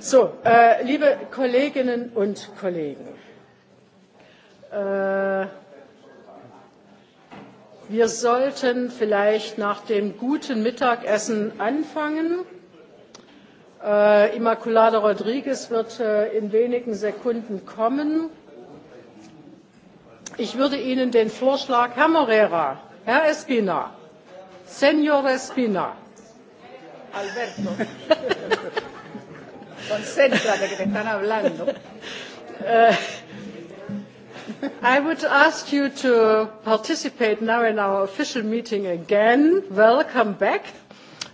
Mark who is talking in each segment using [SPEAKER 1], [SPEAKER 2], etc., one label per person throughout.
[SPEAKER 1] So, äh, liebe Kolleginnen und Kollegen, äh, wir sollten vielleicht nach dem guten Mittagessen anfangen. Äh, Immaculada Rodriguez wird äh, in wenigen Sekunden kommen. Ich würde Ihnen den Vorschlag, Herr Morera, Herr Espina, Senor Espina,
[SPEAKER 2] Alberto.
[SPEAKER 1] concéntrate que te están hablando. Uh, I would ask you to participate now in our official meeting again. Welcome back.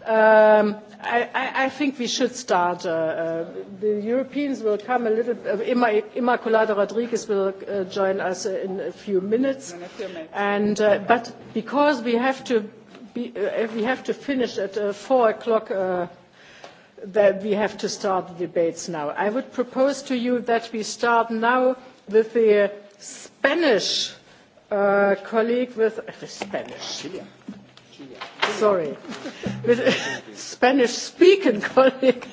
[SPEAKER 1] Um, I, I think we should start. Uh, uh, the Europeans will come a little. Uh, Immaculada Rodriguez will uh, join us uh, in a few minutes. In a few minutes. And, uh, but because we have to, be, uh, we have to finish at uh, four o'clock uh, that we have to start the debates now. I would propose to you that we start now with the Spanish uh, colleague with uh, Spanish. Chilean. Sorry, with uh, Spanish-speaking colleague,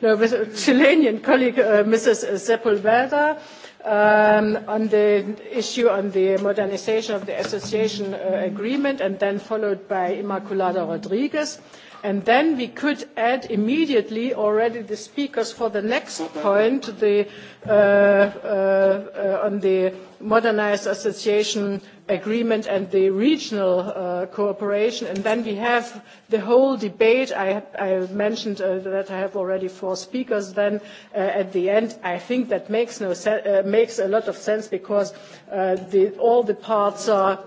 [SPEAKER 1] no, with a uh, Chilean colleague, uh, Mrs. Sepulveda, um, on the issue on the modernization of the association uh, agreement, and then followed by Immaculada Rodriguez and then we could add immediately already the speakers for the next point the, uh, uh, uh, on the modernized association agreement and the regional uh, cooperation and then we have the whole debate i, I mentioned uh, that i have already four speakers then uh, at the end i think that makes, no se- uh, makes a lot of sense because uh, the, all the parts are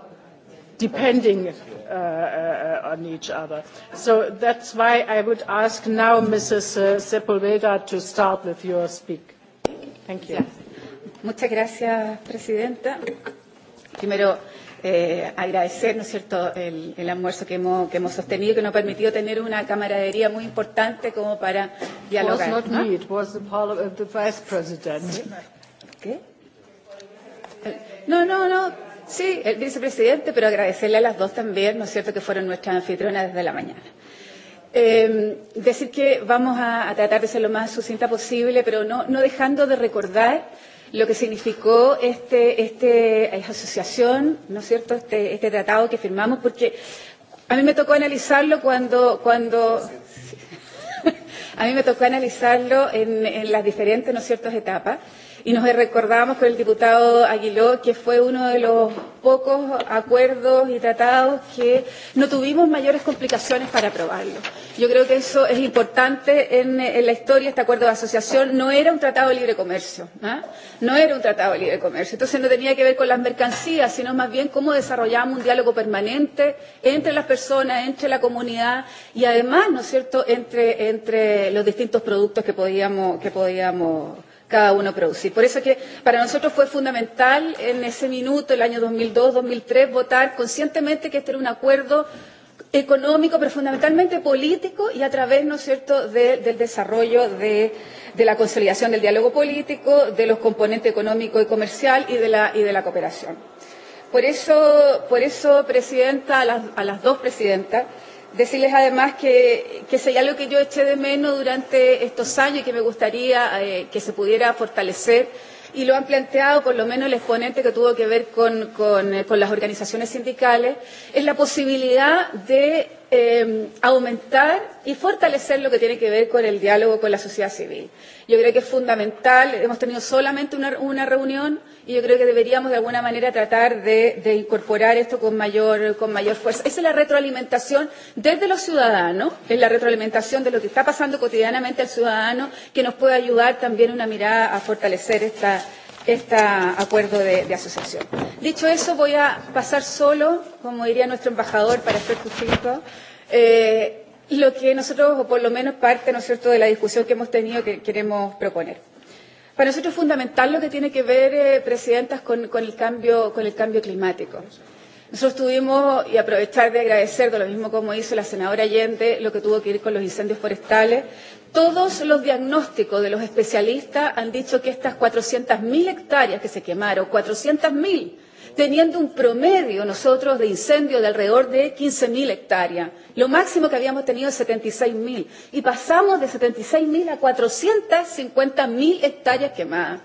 [SPEAKER 1] depending uh, uh, on each other. So that's why I would ask now Mrs. Uh, Sepulveda to start with your speak. Thank you. Muchas gracias,
[SPEAKER 2] Presidenta. Primero, eh, agradecer, ¿no es cierto?, el, el
[SPEAKER 3] almuerzo que hemos, que hemos sostenido, que nos ha permitido tener una camaradería muy importante como para dialogar. No me, it
[SPEAKER 1] was the, uh, the vice president. ¿Qué?
[SPEAKER 3] No, no, no. Sí, el vicepresidente, pero agradecerle a las dos también, ¿no es cierto?, que fueron nuestras anfitrionas desde la mañana. Eh, decir que vamos a, a tratar de ser lo más sucinta posible, pero no, no dejando de recordar lo que significó esta este, asociación, ¿no es cierto?, este, este tratado que firmamos, porque a mí me tocó analizarlo cuando... cuando a mí me tocó analizarlo en, en las diferentes, ¿no es cierto?, etapas. Y nos recordamos con el diputado Aguiló que fue uno de los pocos acuerdos y tratados que no tuvimos mayores complicaciones para aprobarlo. Yo creo que eso es importante en, en la historia. Este acuerdo de asociación no era un tratado de libre comercio. ¿eh? No era un tratado de libre comercio. Entonces no tenía que ver con las mercancías, sino más bien cómo desarrollamos un diálogo permanente entre las personas, entre la comunidad y además, ¿no es cierto?, entre, entre los distintos productos que podíamos. Que podíamos cada uno producir. Por eso que para nosotros fue fundamental en ese minuto, el año 2002-2003, votar conscientemente que este era un acuerdo económico, pero fundamentalmente político y a través, ¿no es cierto?, de, del desarrollo de, de la consolidación del diálogo político, de los componentes económico y comercial y de la, y de la cooperación. Por eso, por eso, presidenta, a las, a las dos presidentas, decirles además que, que sería algo que yo eché de menos durante estos años y que me gustaría eh, que se pudiera fortalecer. Y lo han planteado, por lo menos el exponente que tuvo que ver con, con, eh, con las organizaciones sindicales, es la posibilidad de eh, aumentar y fortalecer lo que tiene que ver con el diálogo con la sociedad civil. Yo creo que es fundamental, hemos tenido solamente una, una reunión y yo creo que deberíamos de alguna manera tratar de, de incorporar esto con mayor, con mayor fuerza. Esa es la retroalimentación desde los ciudadanos, es la retroalimentación de lo que está pasando cotidianamente al ciudadano que nos puede ayudar también una mirada a fortalecer esta este acuerdo de, de asociación. Dicho eso, voy a pasar solo, como diría nuestro embajador, para hacer justicia eh, lo que nosotros, o por lo menos parte ¿no es cierto? de la discusión que hemos tenido, que queremos proponer. Para nosotros es fundamental lo que tiene que ver, eh, presidentas, con, con, el cambio, con el cambio climático. Nosotros tuvimos, y aprovechar de agradecer, de lo mismo como hizo la senadora Allende, lo que tuvo que ir con los incendios forestales, todos los diagnósticos de los especialistas han dicho que estas 400.000 hectáreas que se quemaron, 400.000 hectáreas, teniendo un promedio nosotros de incendio de alrededor de 15.000 hectáreas. Lo máximo que habíamos tenido es 76.000. Y pasamos de 76.000 a 450.000 hectáreas quemadas.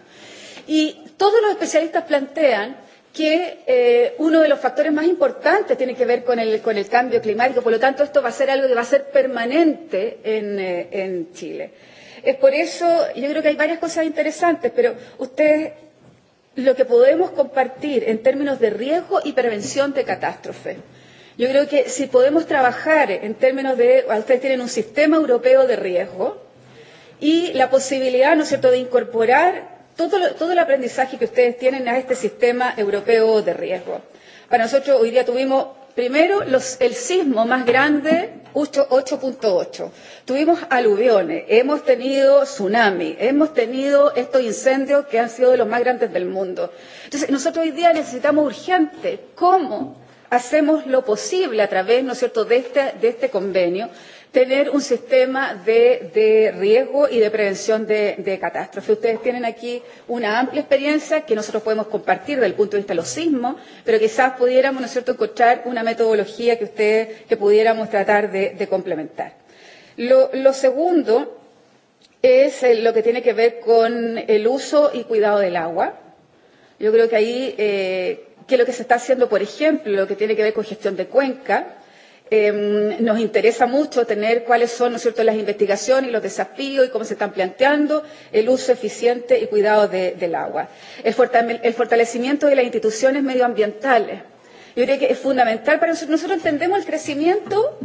[SPEAKER 3] Y todos los especialistas plantean que eh, uno de los factores más importantes tiene que ver con el, con el cambio climático. Por lo tanto, esto va a ser algo que va a ser permanente en, eh, en Chile. Es por eso, yo creo que hay varias cosas interesantes, pero ustedes lo que podemos compartir en términos de riesgo y prevención de catástrofe. Yo creo que si podemos trabajar en términos de, ustedes tienen un sistema europeo de riesgo y la posibilidad, ¿no es cierto?, de incorporar todo, lo, todo el aprendizaje que ustedes tienen a este sistema europeo de riesgo. Para nosotros hoy día tuvimos primero los, el sismo más grande, 8.8. Tuvimos aluviones, hemos tenido tsunami, hemos tenido estos incendios que han sido de los más grandes del mundo. Entonces, nosotros hoy día necesitamos urgente cómo hacemos lo posible a través, ¿no es cierto?, de este, de este convenio, tener un sistema de, de riesgo y de prevención de, de catástrofe. Ustedes tienen aquí una amplia experiencia que nosotros podemos compartir desde el punto de vista de los sismos, pero quizás pudiéramos, ¿no es cierto?, encontrar una metodología que ustedes, que pudiéramos tratar de, de complementar. Lo, lo segundo es eh, lo que tiene que ver con el uso y cuidado del agua. Yo creo que ahí, eh, qué es lo que se está haciendo, por ejemplo, lo que tiene que ver con gestión de cuenca. Eh, nos interesa mucho tener cuáles son ¿no es cierto? las investigaciones y los desafíos y cómo se están planteando el uso eficiente y cuidado de, del agua. El, fortale el fortalecimiento de las instituciones medioambientales. Yo creo que es fundamental para nosotros. Nosotros entendemos el crecimiento,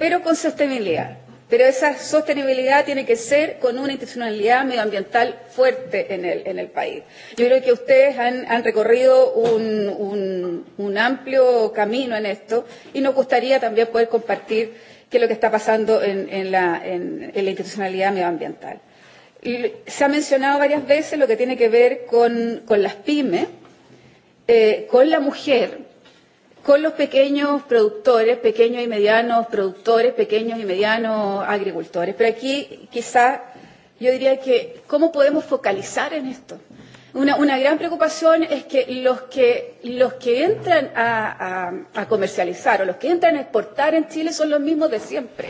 [SPEAKER 3] pero con sostenibilidad pero esa sostenibilidad tiene que ser con una institucionalidad medioambiental fuerte en el, en el país. Yo creo que ustedes han, han recorrido un, un, un amplio camino en esto y nos gustaría también poder compartir qué es lo que está pasando en, en, la, en, en la institucionalidad medioambiental. Se ha mencionado varias veces lo que tiene que ver con, con las pymes, eh, con la mujer, con los pequeños productores, pequeños y medianos productores, pequeños y medianos agricultores. Pero aquí quizá yo diría que ¿cómo podemos focalizar en esto? Una, una gran preocupación es que los que, los que entran a, a, a comercializar o los que entran a exportar en Chile son los mismos de siempre.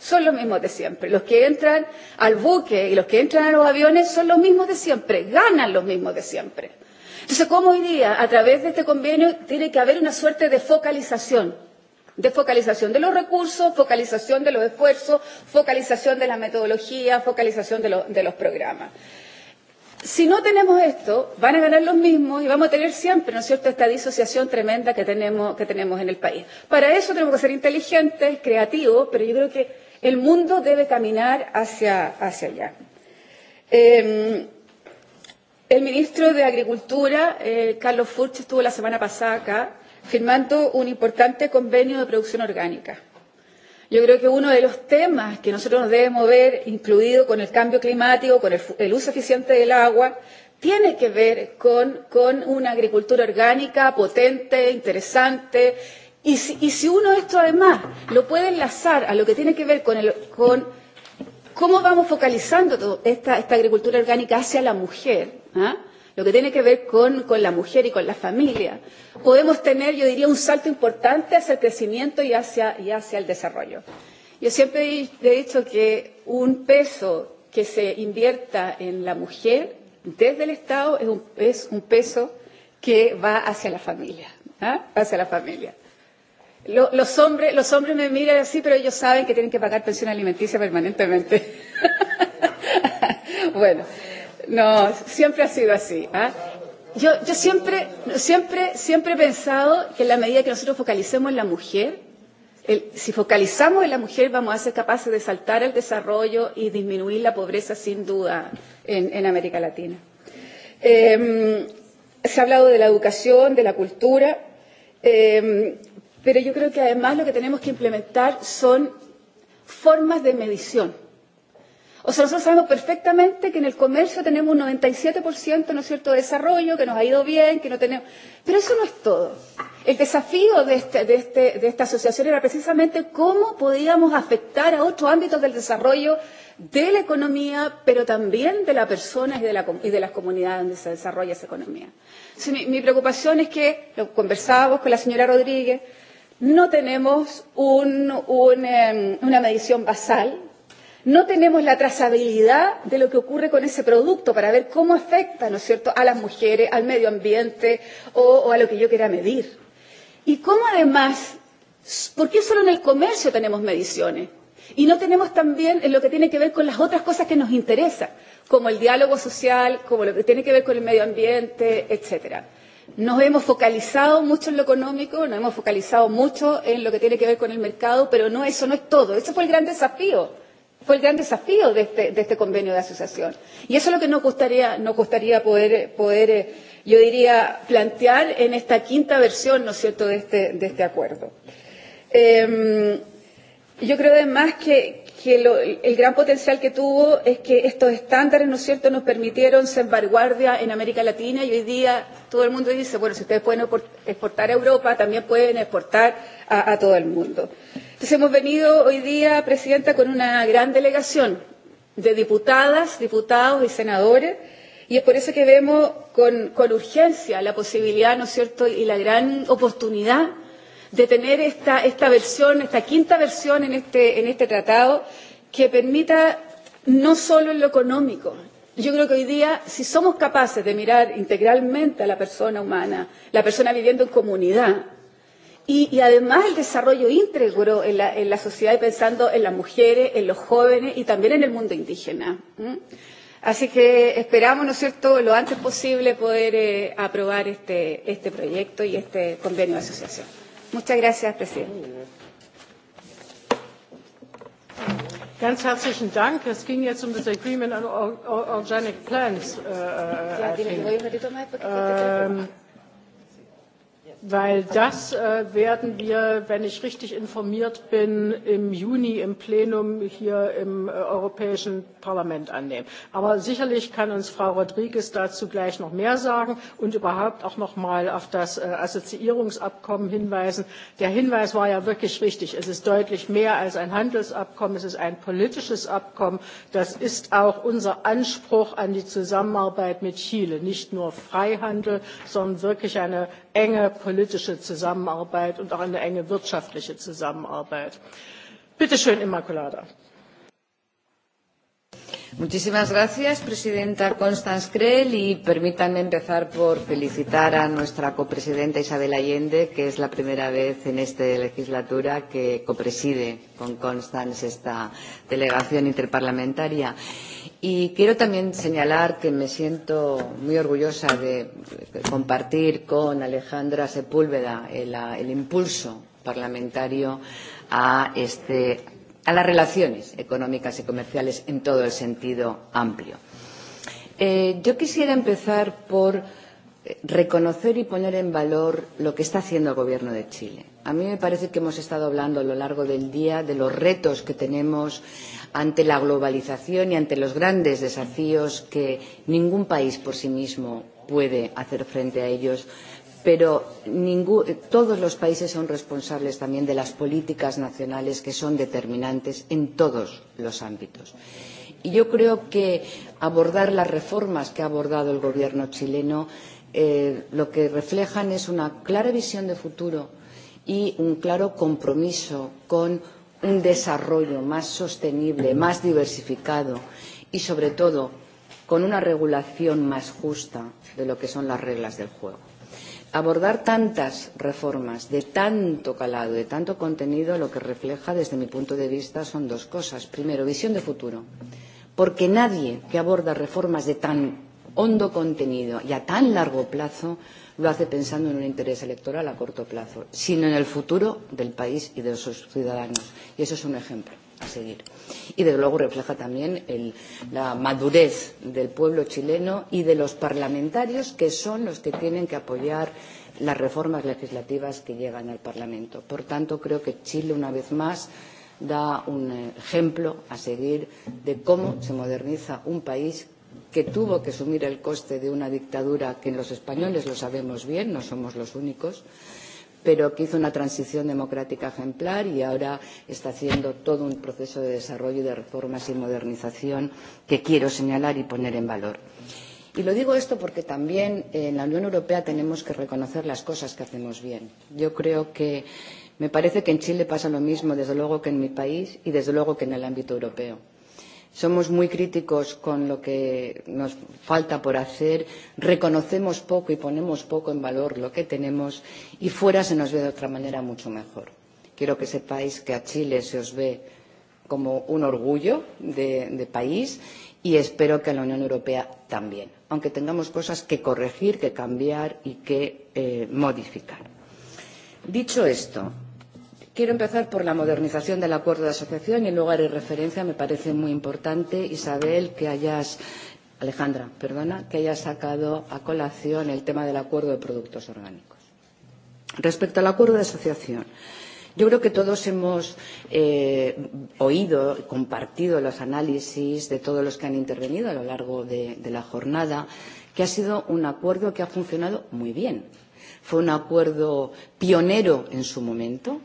[SPEAKER 3] Son los mismos de siempre. Los que entran al buque y los que entran a los aviones son los mismos de siempre. Ganan los mismos de siempre. Entonces, ¿cómo hoy día, a través de este convenio, tiene que haber una suerte de focalización? De focalización de los recursos, focalización de los esfuerzos, focalización de la metodología, focalización de, lo, de los programas. Si no tenemos esto, van a ganar los mismos y vamos a tener siempre, ¿no es cierto?, esta disociación tremenda que tenemos, que tenemos en el país. Para eso tenemos que ser inteligentes, creativos, pero yo creo que el mundo debe caminar hacia, hacia allá. Eh, El ministro de Agricultura, eh, Carlos Furch, estuvo la semana pasada acá firmando un importante convenio de producción orgánica. Yo creo que uno de los temas que nosotros nos debemos ver, incluido con el cambio climático, con el, el uso eficiente del agua, tiene que ver con, con una agricultura orgánica potente, interesante. Y si, y si uno esto además lo puede enlazar a lo que tiene que ver con el. Con, ¿Cómo vamos focalizando esta, esta agricultura orgánica hacia la mujer? ¿eh? Lo que tiene que ver con, con la mujer y con la familia. Podemos tener, yo diría, un salto importante hacia el crecimiento y hacia, y hacia el desarrollo. Yo siempre he dicho que un peso que se invierta en la mujer desde el Estado es un, es un peso que va hacia la familia. ¿eh? Hacia la familia. Lo, los, hombres, los hombres me miran así, pero ellos saben que tienen que pagar pensión alimenticia permanentemente. bueno, no, siempre ha sido así. ¿eh? Yo, yo siempre, siempre, siempre he pensado que en la medida que nosotros focalicemos en la mujer, el, si focalizamos en la mujer, vamos a ser capaces de saltar al desarrollo y disminuir la pobreza sin duda en, en América Latina. Eh, se ha hablado de la educación, de la cultura. Eh, Pero yo creo que además lo que tenemos que implementar son formas de medición. O sea, nosotros sabemos perfectamente que en el comercio tenemos un 97% ¿no es cierto? de desarrollo, que nos ha ido bien, que no tenemos. Pero eso no es todo. El desafío de, este, de, este, de esta asociación era precisamente cómo podíamos afectar a otros ámbitos del desarrollo de la economía, pero también de las personas y, la, y de las comunidades donde se desarrolla esa economía. Sí, mi, mi preocupación es que, lo conversábamos con la señora Rodríguez, no tenemos un, un, eh, una medición basal, no tenemos la trazabilidad de lo que ocurre con ese producto para ver cómo afecta ¿no es cierto? a las mujeres, al medio ambiente o, o a lo que yo quiera medir. ¿Y cómo además, por qué solo en el comercio tenemos mediciones? Y no tenemos también en lo que tiene que ver con las otras cosas que nos interesan, como el diálogo social, como lo que tiene que ver con el medio ambiente, etcétera. Nos hemos focalizado mucho en lo económico, nos hemos focalizado mucho en lo que tiene que ver con el mercado, pero no, eso no es todo. Ese fue el gran desafío, fue el gran desafío de este, de este convenio de asociación. Y eso es lo que nos gustaría, nos gustaría poder, poder, eh, yo diría, plantear en esta quinta versión, ¿no es cierto?, de este, de este acuerdo. Eh, Yo creo además que, que lo, el gran potencial que tuvo es que estos estándares, ¿no es cierto?, nos permitieron ser vanguardia en América Latina y hoy día todo el mundo dice, bueno, si ustedes pueden exportar a Europa, también pueden exportar a, a todo el mundo. Entonces hemos venido hoy día, Presidenta, con una gran delegación de diputadas, diputados y senadores y es por eso que vemos con, con urgencia la posibilidad, ¿no es cierto?, y la gran oportunidad de tener esta, esta versión, esta quinta versión en este, en este tratado, que permita no solo en lo económico. Yo creo que hoy día, si somos capaces de mirar integralmente a la persona humana, la persona viviendo en comunidad, y, y además el desarrollo íntegro en la, en la sociedad, pensando en las mujeres, en los jóvenes y también en el mundo indígena. ¿Mm? Así que esperamos, ¿no es cierto?, lo antes posible poder eh, aprobar
[SPEAKER 1] este, este proyecto y este convenio de asociación.
[SPEAKER 3] Muchas gracias, presidente.
[SPEAKER 1] Ganz herzlichen Dank. Es ging jetzt um das Agreement on Organic Plants. Uh, äh, uh, äh, I
[SPEAKER 3] ja, think. Uh,
[SPEAKER 1] Weil das äh, werden wir, wenn ich richtig informiert bin, im Juni im Plenum hier im äh, Europäischen Parlament annehmen. Aber sicherlich kann uns Frau Rodriguez dazu gleich noch mehr sagen und überhaupt auch noch mal auf das äh, Assoziierungsabkommen hinweisen. Der Hinweis war ja wirklich richtig. Es ist deutlich mehr als ein Handelsabkommen. Es ist ein politisches Abkommen. Das ist auch unser Anspruch an die Zusammenarbeit mit Chile. Nicht nur Freihandel, sondern wirklich eine enge politische zusammenarbeit und auch eine enge wirtschaftliche zusammenarbeit. bitte schön immaculada.
[SPEAKER 4] Muchísimas gracias, Presidenta Constance Krell, y permítanme empezar por felicitar a nuestra copresidenta Isabel Allende, que es la primera vez en esta legislatura que copreside con Constance esta delegación interparlamentaria. Y quiero también señalar que me siento muy orgullosa de compartir con Alejandra Sepúlveda el, el impulso parlamentario a este
[SPEAKER 5] a las relaciones
[SPEAKER 4] económicas y comerciales en todo el sentido amplio. Eh, yo quisiera empezar por eh, reconocer y poner en valor lo que está haciendo el Gobierno de Chile. A mí me parece que hemos estado hablando a lo largo del día de los retos que tenemos ante la globalización y ante los grandes desafíos que ningún país por sí mismo puede hacer frente a ellos pero ningú, todos los países son responsables también de las políticas nacionales que son determinantes en todos los ámbitos. Y yo creo que abordar las reformas que ha abordado el gobierno chileno eh, lo que reflejan es una clara visión de futuro y un claro compromiso con un desarrollo más sostenible, más diversificado y, sobre todo, con una regulación más justa de lo que son las reglas del juego abordar tantas reformas de tanto calado, de tanto contenido, lo que refleja desde mi punto de vista son dos cosas. Primero, visión de futuro. Porque nadie que aborda reformas de tan hondo contenido y a tan largo plazo lo hace pensando en un interés electoral a corto plazo, sino en el futuro del país y de sus ciudadanos. Y eso es un ejemplo a seguir. Y desde luego refleja también el, la madurez del pueblo chileno y de los parlamentarios que son los que tienen que apoyar las reformas legislativas que llegan al Parlamento. Por tanto, creo que Chile, una vez más, da un ejemplo a seguir de cómo se moderniza un país que tuvo que asumir el coste de una dictadura que los españoles lo sabemos bien, no somos los únicos pero que hizo una transición democrática ejemplar y ahora está haciendo todo un proceso de desarrollo y de reformas y modernización que quiero señalar y poner en valor. Y lo digo esto porque también en la Unión Europea tenemos que reconocer las cosas que hacemos bien. Yo creo que me parece que en Chile pasa lo mismo, desde luego, que en mi país y desde luego que en el ámbito europeo somos muy críticos con lo que nos falta por hacer, reconocemos poco y ponemos poco en valor lo que tenemos y fuera se nos ve de otra manera mucho mejor. Quiero que sepáis que a Chile se os ve como un orgullo de, de país y espero que a la Unión Europea también, aunque tengamos cosas que corregir, que cambiar y que eh, modificar. Dicho esto, Quiero empezar por la modernización del acuerdo de asociación y luego haré referencia. Me parece muy importante, Isabel, que hayas, Alejandra, perdona, que hayas sacado a colación el tema del acuerdo de productos orgánicos. Respecto al acuerdo de asociación, yo creo que todos hemos eh, oído y compartido los análisis de todos los que han intervenido a lo largo de, de la jornada, que ha sido un acuerdo que ha funcionado muy bien. Fue un acuerdo pionero en su momento,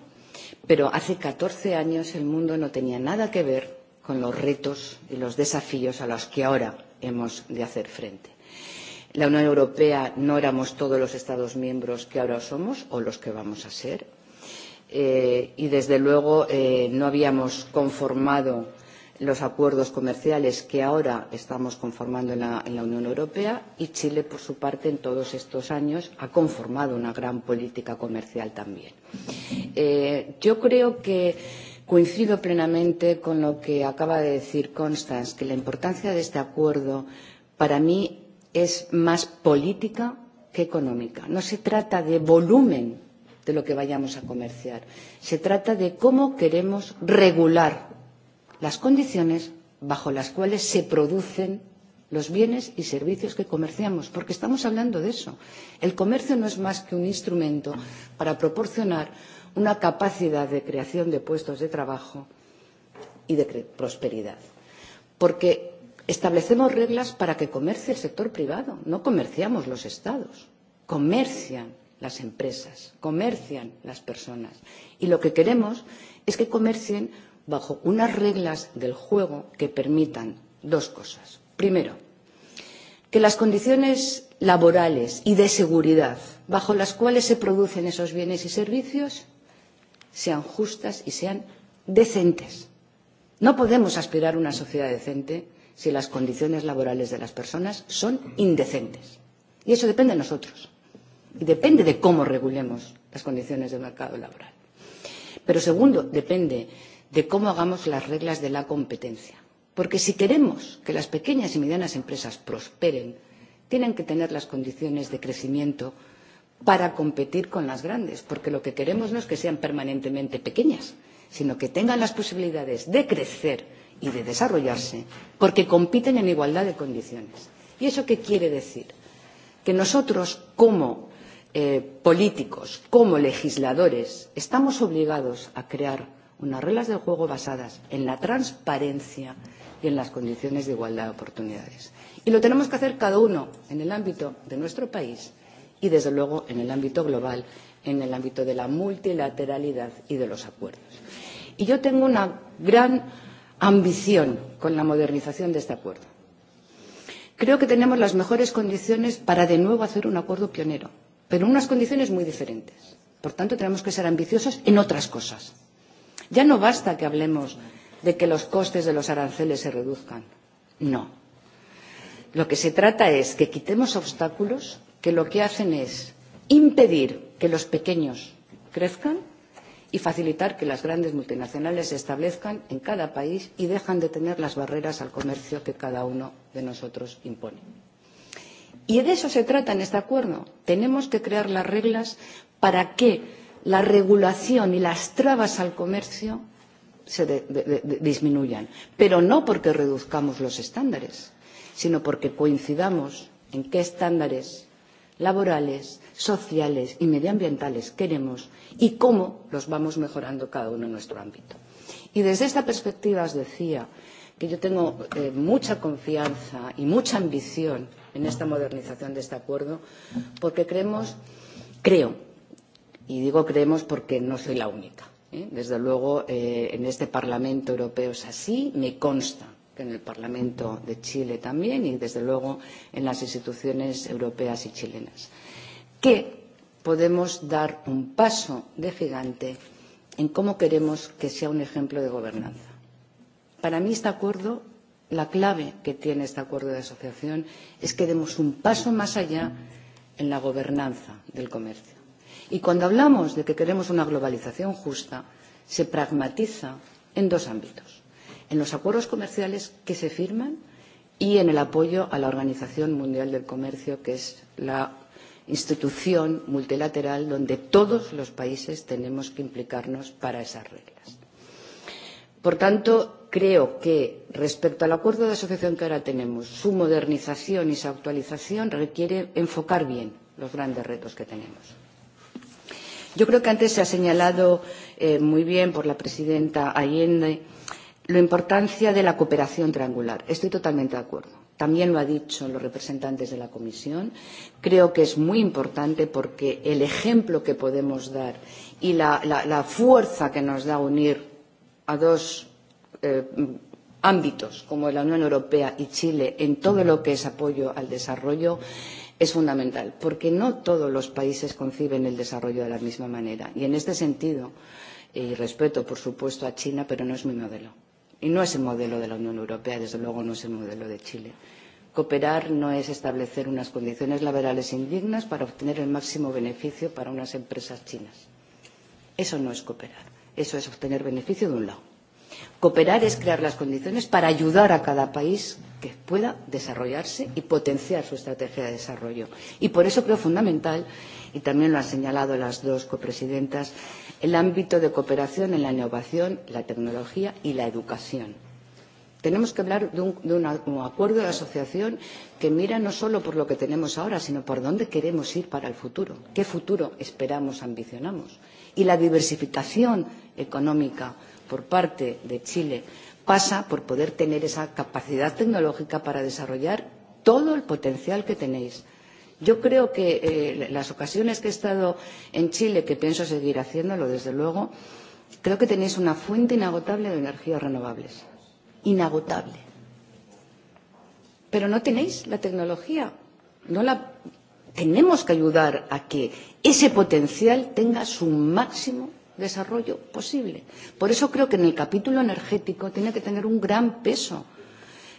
[SPEAKER 4] Pero hace 14 años el mundo no tenía nada que ver con los retos y los desafíos a los que ahora hemos de hacer frente. La Unión Europea no éramos todos los Estados miembros que ahora somos o los que vamos a ser. Eh, y desde luego eh, no habíamos conformado los acuerdos comerciales que ahora estamos conformando en la, en la Unión Europea y Chile, por su parte, en todos estos años ha conformado una gran política comercial también. Eh, yo creo que coincido plenamente con lo que acaba de decir Constance, que la importancia de este acuerdo para mí es más política que económica. No se trata de volumen de lo que vayamos a comerciar. Se trata de cómo queremos regular las condiciones bajo las cuales se producen los bienes y servicios que comerciamos, porque estamos hablando de eso. El comercio no es más que un instrumento para proporcionar una capacidad de creación de puestos de trabajo y de prosperidad. Porque establecemos reglas para que comercie el sector privado, no comerciamos los Estados, comercian las empresas, comercian las personas. Y lo que queremos es que comercien bajo unas reglas del juego que permitan dos cosas. Primero, que las condiciones laborales y de seguridad bajo las cuales se producen esos bienes y servicios sean justas y sean decentes. No podemos aspirar a una sociedad decente si las condiciones laborales de las personas son indecentes. Y eso depende de nosotros. Y depende de cómo regulemos las condiciones del mercado laboral. Pero segundo, depende de cómo hagamos las reglas de la competencia. Porque si queremos que las pequeñas y medianas empresas prosperen, tienen que tener las condiciones de crecimiento para competir con las grandes. Porque lo que queremos no es que sean permanentemente pequeñas, sino que tengan las posibilidades de crecer y de desarrollarse, porque compiten en igualdad de condiciones. ¿Y eso qué quiere decir? Que nosotros, como eh, políticos, como legisladores, estamos obligados a crear unas reglas del juego basadas en la transparencia y en las condiciones de igualdad de oportunidades. Y lo tenemos que hacer cada uno en el ámbito de nuestro país y, desde luego, en el ámbito global, en el ámbito de la multilateralidad y de los acuerdos. Y yo tengo una gran ambición con la modernización de este acuerdo. Creo que tenemos las mejores condiciones para, de nuevo, hacer un acuerdo pionero, pero en unas condiciones muy diferentes. Por tanto, tenemos que ser ambiciosos en otras cosas, Ya no basta que hablemos de que los costes de los aranceles se reduzcan. No. Lo que se trata es que quitemos obstáculos que lo que hacen es impedir que los pequeños crezcan y facilitar que las grandes multinacionales se establezcan en cada país y dejan de tener las barreras al comercio que cada uno de nosotros impone. Y de eso se trata en este acuerdo. Tenemos que crear las reglas para que la regulación y las trabas al comercio se de, de, de, de, disminuyan, pero no porque reduzcamos los estándares, sino porque coincidamos en qué estándares laborales, sociales y medioambientales queremos y cómo los vamos mejorando cada uno en nuestro ámbito. Y desde esta perspectiva os decía que yo tengo eh, mucha confianza y mucha ambición en esta modernización de este acuerdo porque creemos, creo Y digo creemos porque no soy la única. ¿eh? Desde luego, eh, en este Parlamento Europeo es así. Me consta que en el Parlamento de Chile también y, desde luego, en las instituciones europeas y chilenas. Que podemos dar un paso de gigante en cómo queremos que sea un ejemplo de gobernanza. Para mí este acuerdo, la clave que tiene este acuerdo de asociación, es que demos un paso más allá en la gobernanza del comercio. Y cuando hablamos de que queremos una globalización justa, se pragmatiza en dos ámbitos. En los acuerdos comerciales que se firman y en el apoyo a la Organización Mundial del Comercio, que es la institución multilateral donde todos los países tenemos que implicarnos para esas reglas. Por tanto, creo que respecto al acuerdo de asociación que ahora tenemos, su modernización y su actualización requiere enfocar bien los grandes retos que tenemos. Yo creo que antes se ha señalado eh, muy bien por la presidenta Allende la importancia de la cooperación triangular. Estoy totalmente de acuerdo. También lo han dicho los representantes de la Comisión. Creo que es muy importante porque el ejemplo que podemos dar y la, la, la fuerza que nos da unir a dos eh, ámbitos como la Unión Europea y Chile en todo lo que es apoyo al desarrollo es fundamental, porque no todos los países conciben el desarrollo de la misma manera. Y en este sentido, y respeto, por supuesto, a China, pero no es mi modelo. Y no es el modelo de la Unión Europea, desde luego no es el modelo de Chile. Cooperar no es establecer unas condiciones laborales indignas para obtener el máximo beneficio para unas empresas chinas. Eso no es cooperar. Eso es obtener beneficio de un lado. Cooperar es crear las condiciones para ayudar a cada país que pueda desarrollarse y potenciar su estrategia de desarrollo. Y por eso creo fundamental, y también lo han señalado las dos copresidentas, el ámbito de cooperación en la innovación, la tecnología y la educación. Tenemos que hablar de un, de un acuerdo de la asociación que mira no solo por lo que tenemos ahora, sino por dónde queremos ir para el futuro, qué futuro esperamos, ambicionamos. Y la diversificación económica por parte de Chile pasa por poder tener esa capacidad tecnológica para desarrollar todo el potencial que tenéis. Yo creo que eh, las ocasiones que he estado en Chile, que pienso seguir haciéndolo, desde luego, creo que tenéis una fuente inagotable de energías renovables. Inagotable. Pero no tenéis la tecnología. No la... Tenemos que ayudar a que ese potencial tenga su máximo desarrollo posible. Por eso creo que en el capítulo energético tiene que tener un gran peso,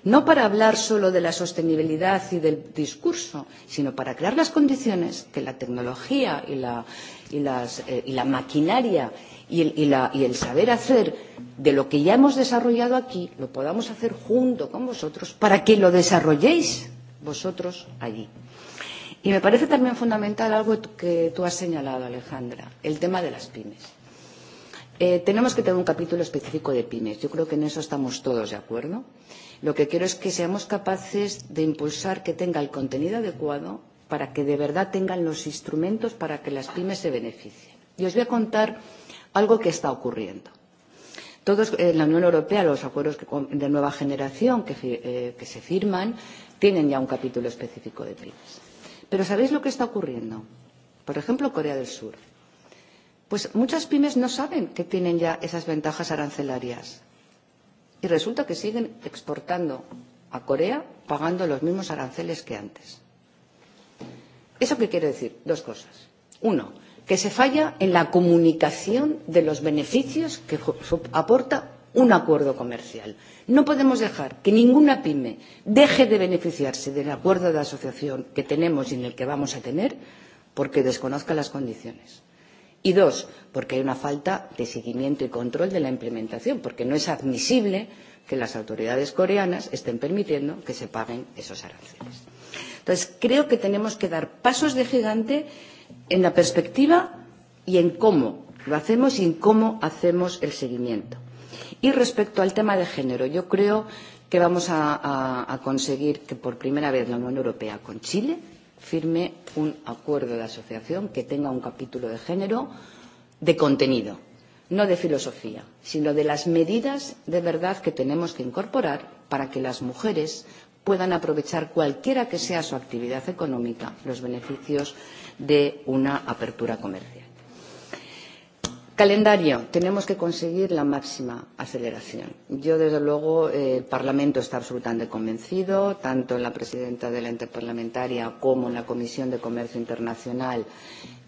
[SPEAKER 4] no para hablar solo de la sostenibilidad y del discurso, sino para crear las condiciones que la tecnología y la, y las, eh, y la maquinaria y el, y, la, y el saber hacer de lo que ya hemos desarrollado aquí lo podamos hacer junto con vosotros para que lo desarrolléis vosotros allí. Y me parece también fundamental algo que tú has señalado, Alejandra, el tema de las pymes. Eh, tenemos que tener un capítulo específico de pymes. Yo creo que en eso estamos todos de acuerdo. Lo que quiero es que seamos capaces de impulsar que tenga el contenido adecuado para que de verdad tengan los instrumentos para que las pymes se beneficien. Y os voy a contar algo que está ocurriendo. Todos en eh, la Unión Europea, los acuerdos de nueva generación que, eh, que se firman, tienen ya un capítulo específico de pymes. Pero ¿sabéis lo que está ocurriendo? Por ejemplo, Corea del Sur. Pues muchas pymes no saben que tienen ya esas ventajas arancelarias. Y resulta que siguen exportando a Corea pagando los mismos aranceles que antes. ¿Eso qué quiere decir? Dos cosas. Uno, que se falla en la comunicación de los beneficios que aporta un acuerdo comercial. No podemos dejar que ninguna pyme deje de beneficiarse del acuerdo de asociación que tenemos y en el que vamos a tener porque desconozca las condiciones. Y dos, porque hay una falta de seguimiento y control de la implementación, porque no es admisible que las autoridades coreanas estén permitiendo que se paguen esos aranceles. Entonces, creo que tenemos que dar pasos de gigante en la perspectiva y en cómo lo hacemos y en cómo hacemos el seguimiento. Y respecto al tema de género, yo creo que vamos a, a, a conseguir que por primera vez la Unión Europea con Chile firme un acuerdo de asociación que tenga un capítulo de género de contenido, no de filosofía, sino de las medidas de verdad que tenemos que incorporar para que las mujeres puedan aprovechar cualquiera que sea su actividad económica los beneficios de una apertura comercial. Calendario. Tenemos que conseguir la máxima aceleración. Yo, desde luego, eh, el Parlamento está absolutamente convencido, tanto en la presidenta de la interparlamentaria como en la Comisión de Comercio Internacional.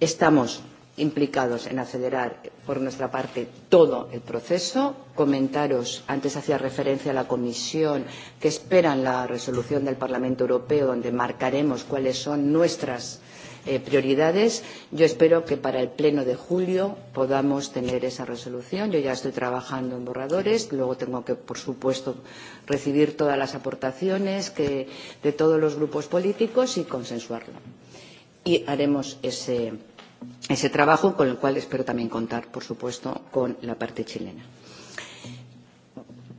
[SPEAKER 4] Estamos implicados en acelerar, por nuestra parte, todo el proceso. Comentaros, antes hacía referencia a la Comisión, que esperan la resolución del Parlamento Europeo, donde marcaremos cuáles son nuestras eh, prioridades. Yo espero que para el pleno de julio podamos tener esa resolución. Yo ya estoy trabajando en borradores. Luego tengo que, por supuesto, recibir todas las aportaciones que, de todos los grupos políticos y consensuarlo. Y haremos ese, ese trabajo con el cual espero también contar, por supuesto, con la parte chilena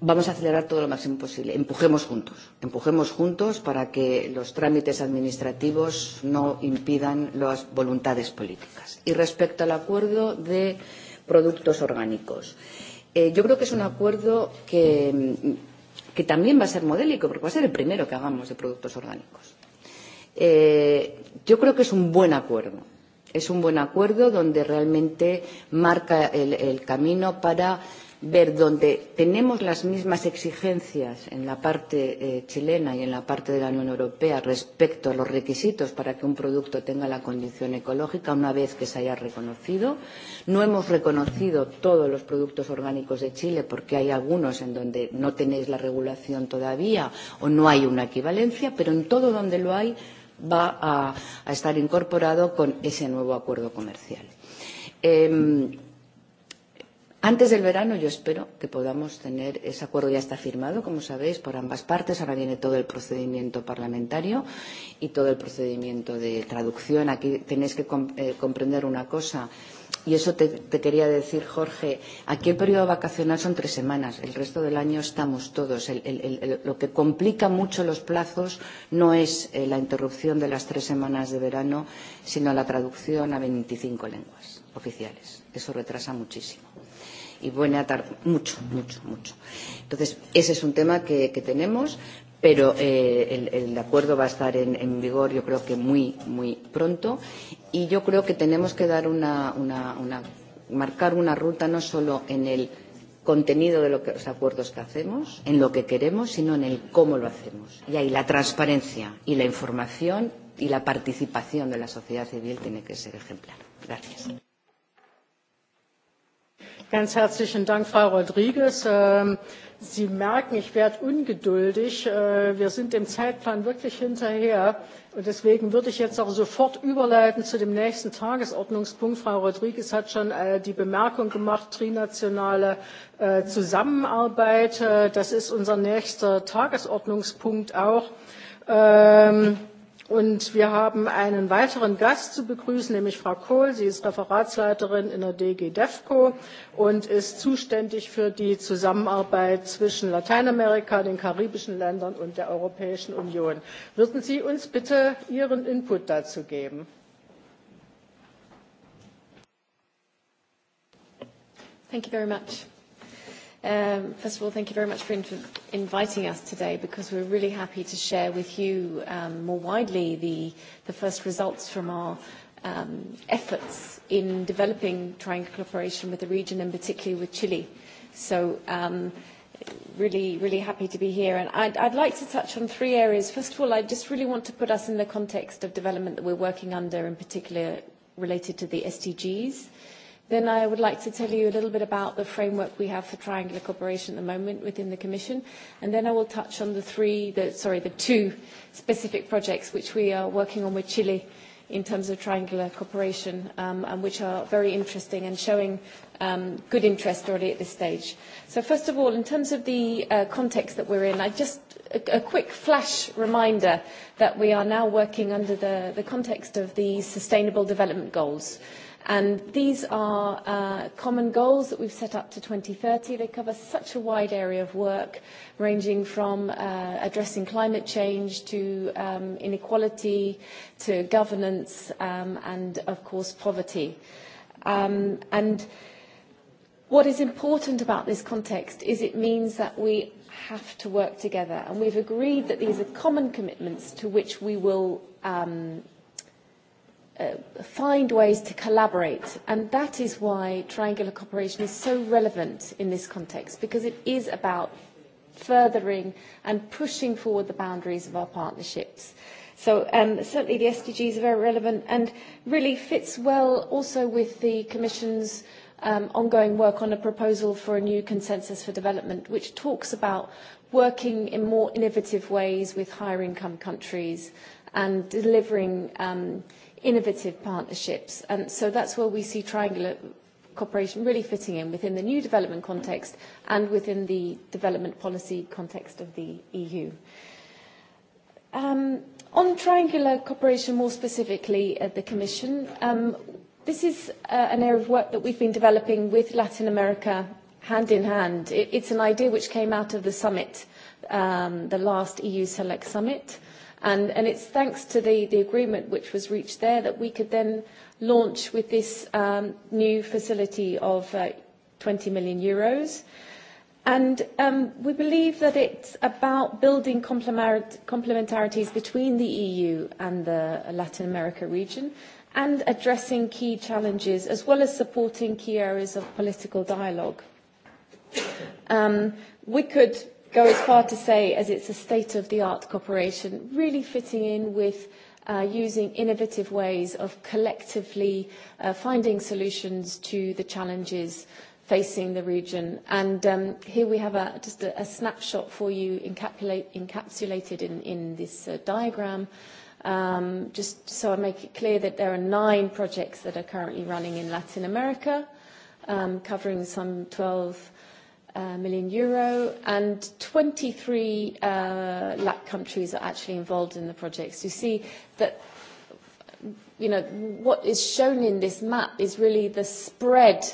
[SPEAKER 4] vamos a acelerar todo lo máximo posible. Empujemos juntos. Empujemos juntos para que los trámites administrativos no impidan las voluntades políticas. Y respecto al acuerdo de productos orgánicos, eh, yo creo que es un acuerdo que, mm, que también va a ser modélico, porque va a ser el primero que hagamos de productos orgánicos. Eh, yo creo que es un buen acuerdo. Es un buen acuerdo donde realmente marca el, el camino para ver donde tenemos las mismas exigencias en la parte eh, chilena y en la parte de la Unión Europea respecto a los requisitos para que un producto tenga la condición ecológica una vez que se haya reconocido. No hemos reconocido todos los productos orgánicos de Chile porque hay algunos en donde no tenéis la regulación todavía o no hay una equivalencia, pero en todo donde lo hay va a, a estar incorporado con ese nuevo acuerdo comercial. Eh, Antes del verano yo espero que podamos tener ese acuerdo ya está firmado, como sabéis, por ambas partes. Ahora viene todo el procedimiento parlamentario y todo el procedimiento de traducción. Aquí tenéis que comp eh, comprender una cosa. Y eso te, te quería decir, Jorge, aquí el periodo vacacional son tres semanas, el resto del año estamos todos. El, el, el, lo que complica mucho los plazos no es eh, la interrupción de las tres semanas de verano, sino la traducción a 25 lenguas oficiales. Eso retrasa muchísimo y pueden atar mucho, mucho, mucho. Entonces, ese es un tema que, que tenemos, pero eh, el, el acuerdo va a estar en, en vigor, yo creo que muy, muy pronto. Y yo creo que tenemos que dar una, una, una, marcar una ruta no solo en el contenido de lo que, los acuerdos que hacemos, en lo que queremos, sino en el cómo lo hacemos. Y ahí la transparencia y la información y la participación de la sociedad civil tiene que ser ejemplar.
[SPEAKER 1] Gracias. Ganz herzlichen Dank, Frau Rodriguez. Ähm, Sie merken, ich werde ungeduldig. Äh, wir sind dem Zeitplan wirklich hinterher. Und deswegen würde ich jetzt auch sofort überleiten zu dem nächsten Tagesordnungspunkt. Frau Rodriguez hat schon äh, die Bemerkung gemacht, trinationale äh, Zusammenarbeit. Das ist unser nächster Tagesordnungspunkt auch. Ähm Und wir haben einen weiteren Gast zu begrüßen, nämlich Frau Kohl. Sie ist Referatsleiterin in der DG DEFCO und ist zuständig für die Zusammenarbeit zwischen Lateinamerika, den karibischen Ländern und der Europäischen Union. Würden Sie uns bitte Ihren Input dazu geben?
[SPEAKER 6] Thank you very much. Um, first of all, thank you very much for in- inviting us today because we're really happy to share with you um, more widely the, the first results from our um, efforts in developing triangle cooperation with the region and particularly with Chile. So um, really, really happy to be here. And I'd, I'd like to touch on three areas. First of all, I just really want to put us in the context of development that we're working under, in particular related to the SDGs. Then I would like to tell you a little bit about the framework we have for triangular cooperation at the moment within the Commission. And then I will touch on the three, the, sorry, the two specific projects which we are working on with Chile in terms of triangular cooperation, um, and which are very interesting and showing um, good interest already at this stage. So first of all, in terms of the uh, context that we're in, I just a, a quick flash reminder that we are now working under the, the context of the Sustainable Development Goals. And these are uh, common goals that we've set up to 2030. They cover such a wide area of work, ranging from uh, addressing climate change to um, inequality to governance um, and, of course, poverty. Um, and what is important about this context is it means that we have to work together. And we've agreed that these are common commitments to which we will um, uh, find ways to collaborate. And that is why triangular cooperation is so relevant in this context, because it is about furthering and pushing forward the boundaries of our partnerships. So um, certainly the SDGs are very relevant and really fits well also with the Commission's um, ongoing work on a proposal for a new consensus for development, which talks about working in more innovative ways with higher income countries and delivering um, uh, innovative partnerships. Um, that is where we see triangular cooperation really fitting in within the new development context and within the development policy context of the EU. Um, on triangular cooperation more specifically at uh, the Commission, um, this is uh, an area of work that we have been developing with Latin America hand in hand. It is an idea which came out of the summit, the last EU Select Summit, And, and it's thanks to the, the agreement which was reached there that we could then launch with this um, new facility of uh, 20 million euros. And um, we believe that it's about building complementarities between the EU and the Latin America region and addressing key challenges as well as supporting key areas of political dialogue. Um, we could go as far to say as it's a state-of-the-art corporation, really fitting in with uh, using innovative ways of collectively uh, finding solutions to the challenges facing the region. And um, here we have a, just a, a snapshot for you encapsulated in, in this uh, diagram. Um, just so I make it clear that there are nine projects that are currently running in Latin America, um, covering some 12 Uh, million euro, and 23 uh, LAC countries are actually involved in the projects. You see that, you know, what is shown in this map is really the spread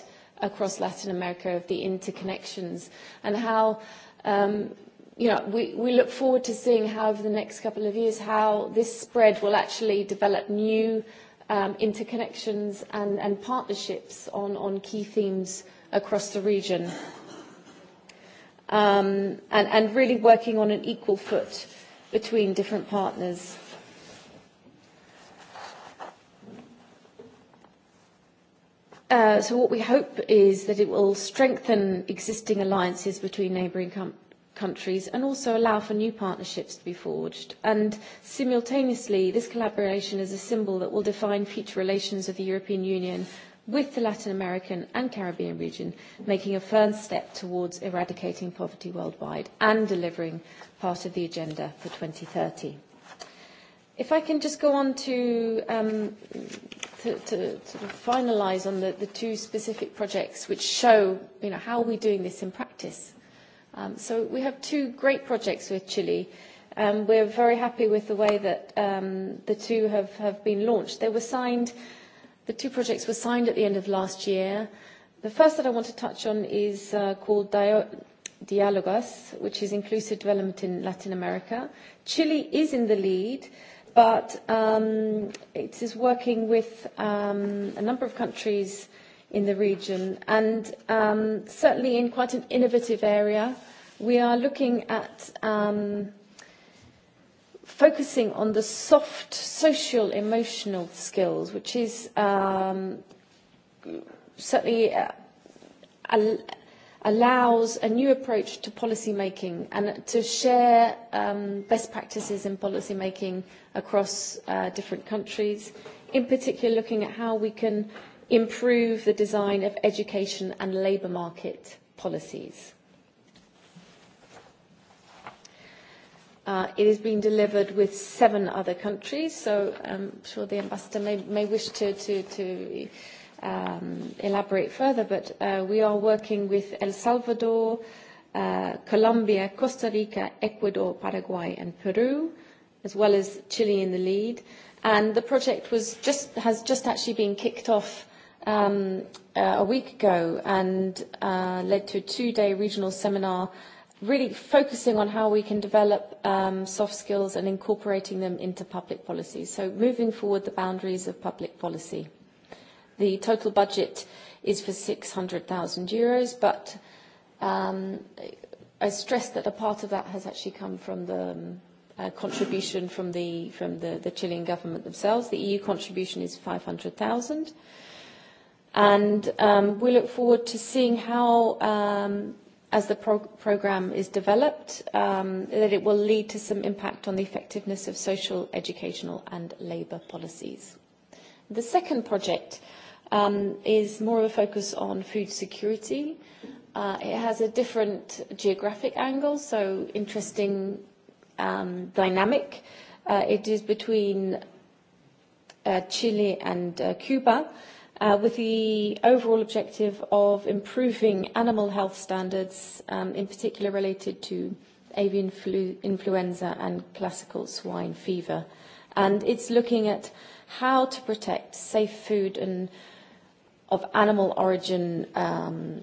[SPEAKER 6] across Latin America of the interconnections and how, um, you know, we look forward to seeing how over the next couple of years, how this spread will actually develop new um, interconnections and partnerships on key themes across the region um, and, and really working on an equal foot between different partners. Uh, so what we hope is that it will strengthen existing alliances between neighbouring com- countries and also allow for new partnerships to be forged. And simultaneously, this collaboration is a symbol that will define future relations of the European Union with the Latin American and Caribbean region making a firm step towards eradicating poverty worldwide and delivering part of the agenda for 2030. If I can just go on to, um, to, to, to sort of finalise on the, the two specific projects which show you know, how we're doing this in practice. Um, so we have two great projects with Chile. Um, we're very happy with the way that um, the two have, have been launched. They were signed The two projects were signed at the end of last year. The first that I want to touch on is uh, called Dio Dialogas, which is inclusive development in Latin America. Chile is in the lead, but um, it is working with um, a number of countries in the region, and um, certainly in quite an innovative area. We are looking at... Um, focusing on the soft social emotional skills, which is um, certainly uh, al- allows a new approach to policy making and to share um, best practices in policy making across uh, different countries, in particular looking at how we can improve the design of education and labour market policies. Uh, it is being delivered with seven other countries, so um, I'm sure the ambassador may, may wish to, to, to um, elaborate further, but uh, we are working with El Salvador, uh, Colombia, Costa Rica, Ecuador, Paraguay, and Peru, as well as Chile in the lead. And the project was just, has just actually been kicked off um, uh, a week ago and uh, led to a two-day regional seminar really focusing on how we can develop um, soft skills and incorporating them into public policy. So moving forward the boundaries of public policy. The total budget is for 600,000 euros, but um, I stress that a part of that has actually come from the um, uh, contribution from, the, from the, the Chilean government themselves. The EU contribution is 500,000. And um, we look forward to seeing how um, as the pro- programme is developed, um, that it will lead to some impact on the effectiveness of social, educational and labour policies. The second project um, is more of a focus on food security. Uh, it has a different geographic angle, so interesting um, dynamic. Uh, it is between uh, Chile and uh, Cuba uh, with the overall objective of improving animal health standards, um, in particular related to avian flu influenza and classical swine fever. And it's looking at how to protect safe food and of animal origin um,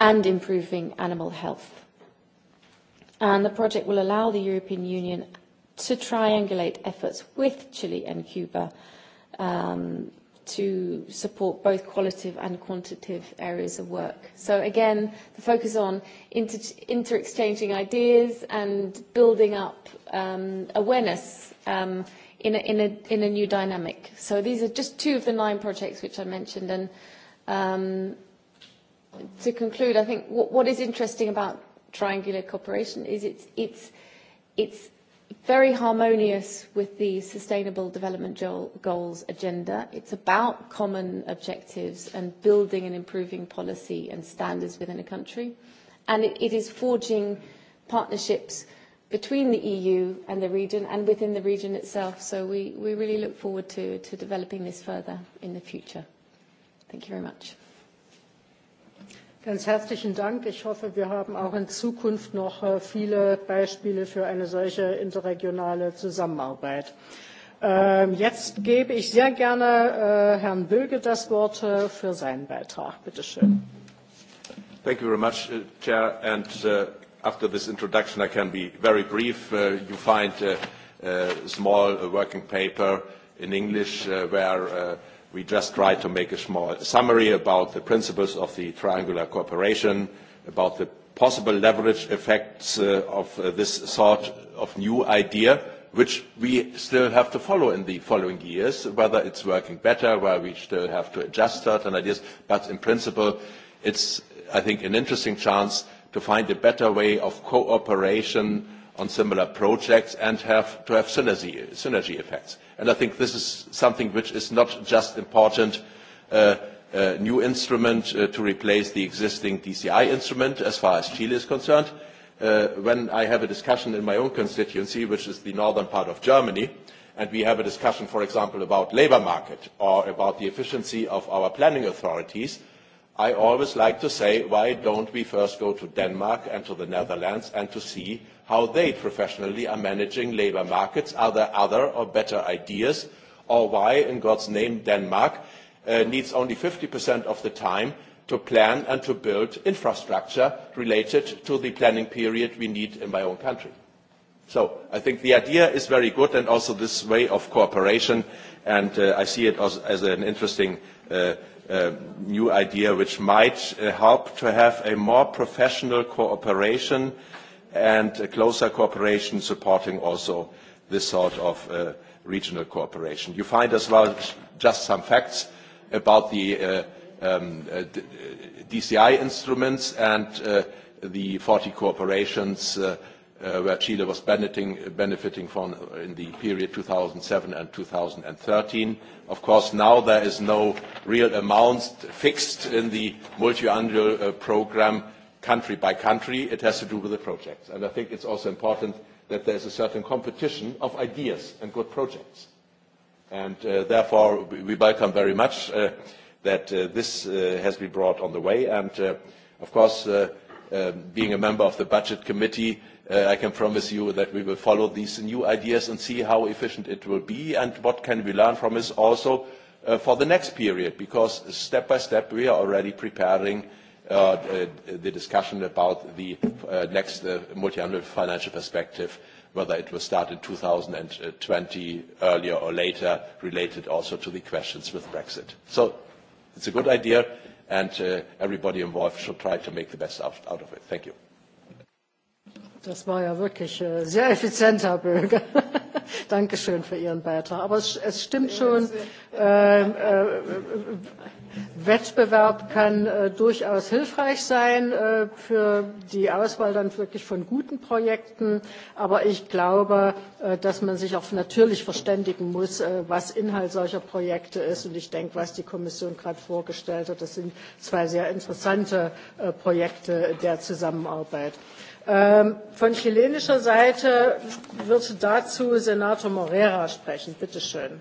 [SPEAKER 6] and improving animal health. And the project will allow the European Union to triangulate efforts with Chile and Cuba um, to support both qualitative and quantitative areas of work. So again, the focus on inter inter-exchanging ideas and building up um, awareness um, in, a, in, a, in a new dynamic. So these are just two of the nine projects which I mentioned. And um, to conclude, I think what, what is interesting about triangular cooperation is it's, it's, it's very harmonious with the Sustainable Development Goals agenda. It's about common objectives and building and improving policy and standards within a country. And it, it is forging partnerships between the EU and the region and within the region itself. So we, we really look forward to, to developing this further in the future. Thank you very much.
[SPEAKER 1] Ganz herzlichen Dank. Ich hoffe, wir haben auch in Zukunft noch äh, viele Beispiele für eine solche interregionale Zusammenarbeit. Ähm, jetzt gebe ich sehr gerne äh, Herrn Böge das Wort äh, für seinen Beitrag. Bitte schön.
[SPEAKER 5] Thank you very much, uh, Chair. And uh, after this introduction, I can be very brief. Uh, you find a, uh, a uh, small working paper in English uh, where uh, we just tried to make a small summary about the principles of the triangular cooperation, about the possible leverage effects uh, of uh, this sort of new idea, which we still have to follow in the following years, whether it's working better, where we still have to adjust certain ideas. But in principle, it's, I think, an interesting chance to find a better way of cooperation uh, on similar projects and have to have synergy, synergy effects. And I think this is something which is not just important, uh, uh, new instrument uh, to replace the existing DCI instrument as far as Chile is concerned. Uh, when I have a discussion in my own constituency, which is the northern part of Germany, and we have a discussion, for example, about labor market or about the efficiency of our planning authorities, I always like to say, why don't we first go to Denmark and to the Netherlands and to see how they professionally are managing labour markets. Are there other or better ideas? Or why, in God's name, Denmark uh, needs only 50% of the time to plan and to build infrastructure related to the planning period we need in my own country? So I think the idea is very good and also this way of cooperation and uh, I see it as, as an interesting uh, uh, new idea which might uh, help to have a more professional cooperation uh, and closer cooperation supporting also this sort of uh, regional cooperation. You find as well just some facts about the uh, um, uh, DCI uh, instruments and uh, the 40 cooperations uh, uh, where Chile was benefiting, benefiting from in the period 2007 and 2013. Of course, now there is no real amount fixed in the multi-annual uh, program, country by country, it has to do with the projects. And I think it's also important that there's a certain competition of ideas and good projects. And uh, therefore, we welcome very much uh, that uh, this uh, has been brought on the way. And uh, of course, uh, um, being a member of the budget committee, uh, I can promise you that we will follow these new ideas and see how efficient it will be and what can we learn from this also uh, for the next period, because step by step, we are already preparing uh, Uh, uh, the discussion about the uh, next uh, multi-annual financial perspective, whether it will start in 2020 earlier or later, related also to the questions with Brexit. So it's a good idea, and uh, everybody involved should try to make the best out of it. Thank you.
[SPEAKER 1] Das war ja wirklich äh, sehr effizient, Herr Böge. Dankeschön für Ihren Beitrag. Aber es, es stimmt ja, schon, äh, äh, Wettbewerb kann äh, durchaus hilfreich sein äh, für die Auswahl dann wirklich von guten Projekten. Aber ich glaube, äh, dass man sich auch natürlich verständigen muss, äh, was Inhalt solcher Projekte ist. Und ich denke, was die Kommission gerade vorgestellt hat, das sind zwei sehr interessante äh, Projekte der Zusammenarbeit. Ähm, von chilenischer Seite wird dazu Senator Morera sprechen. Bitte schön.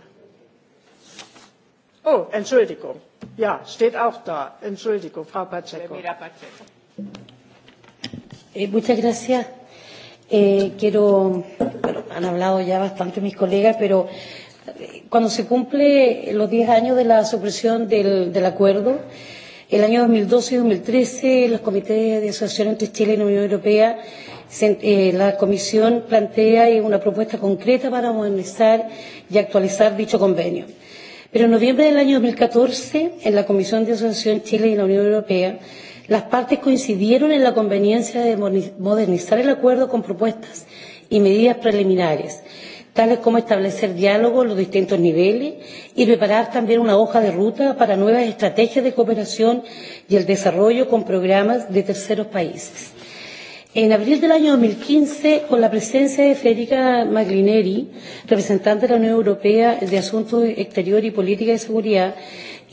[SPEAKER 1] Oh, Entschuldigung. Ja, steht auch da. Entschuldigung, Frau Pacheco.
[SPEAKER 7] Eh, muchas gracias. Eh, quiero, bueno, han hablado ya bastante mis colegas, pero eh, cuando se cumple los 10 años de la supresión del, del acuerdo, El año 2012 y 2013, los comités de asociación entre Chile y la Unión Europea, se, eh, la Comisión plantea una propuesta concreta para modernizar y actualizar dicho convenio. Pero en noviembre del año 2014, en la Comisión de Asociación Chile y la Unión Europea, las partes coincidieron en la conveniencia de modernizar el acuerdo con propuestas y medidas preliminares tales como establecer diálogo en los distintos niveles y preparar también una hoja de ruta para nuevas estrategias de cooperación y el desarrollo con programas de terceros países. En abril del año 2015, con la presencia de Federica Maglineri, representante de la Unión Europea de Asuntos Exteriores y Política de Seguridad,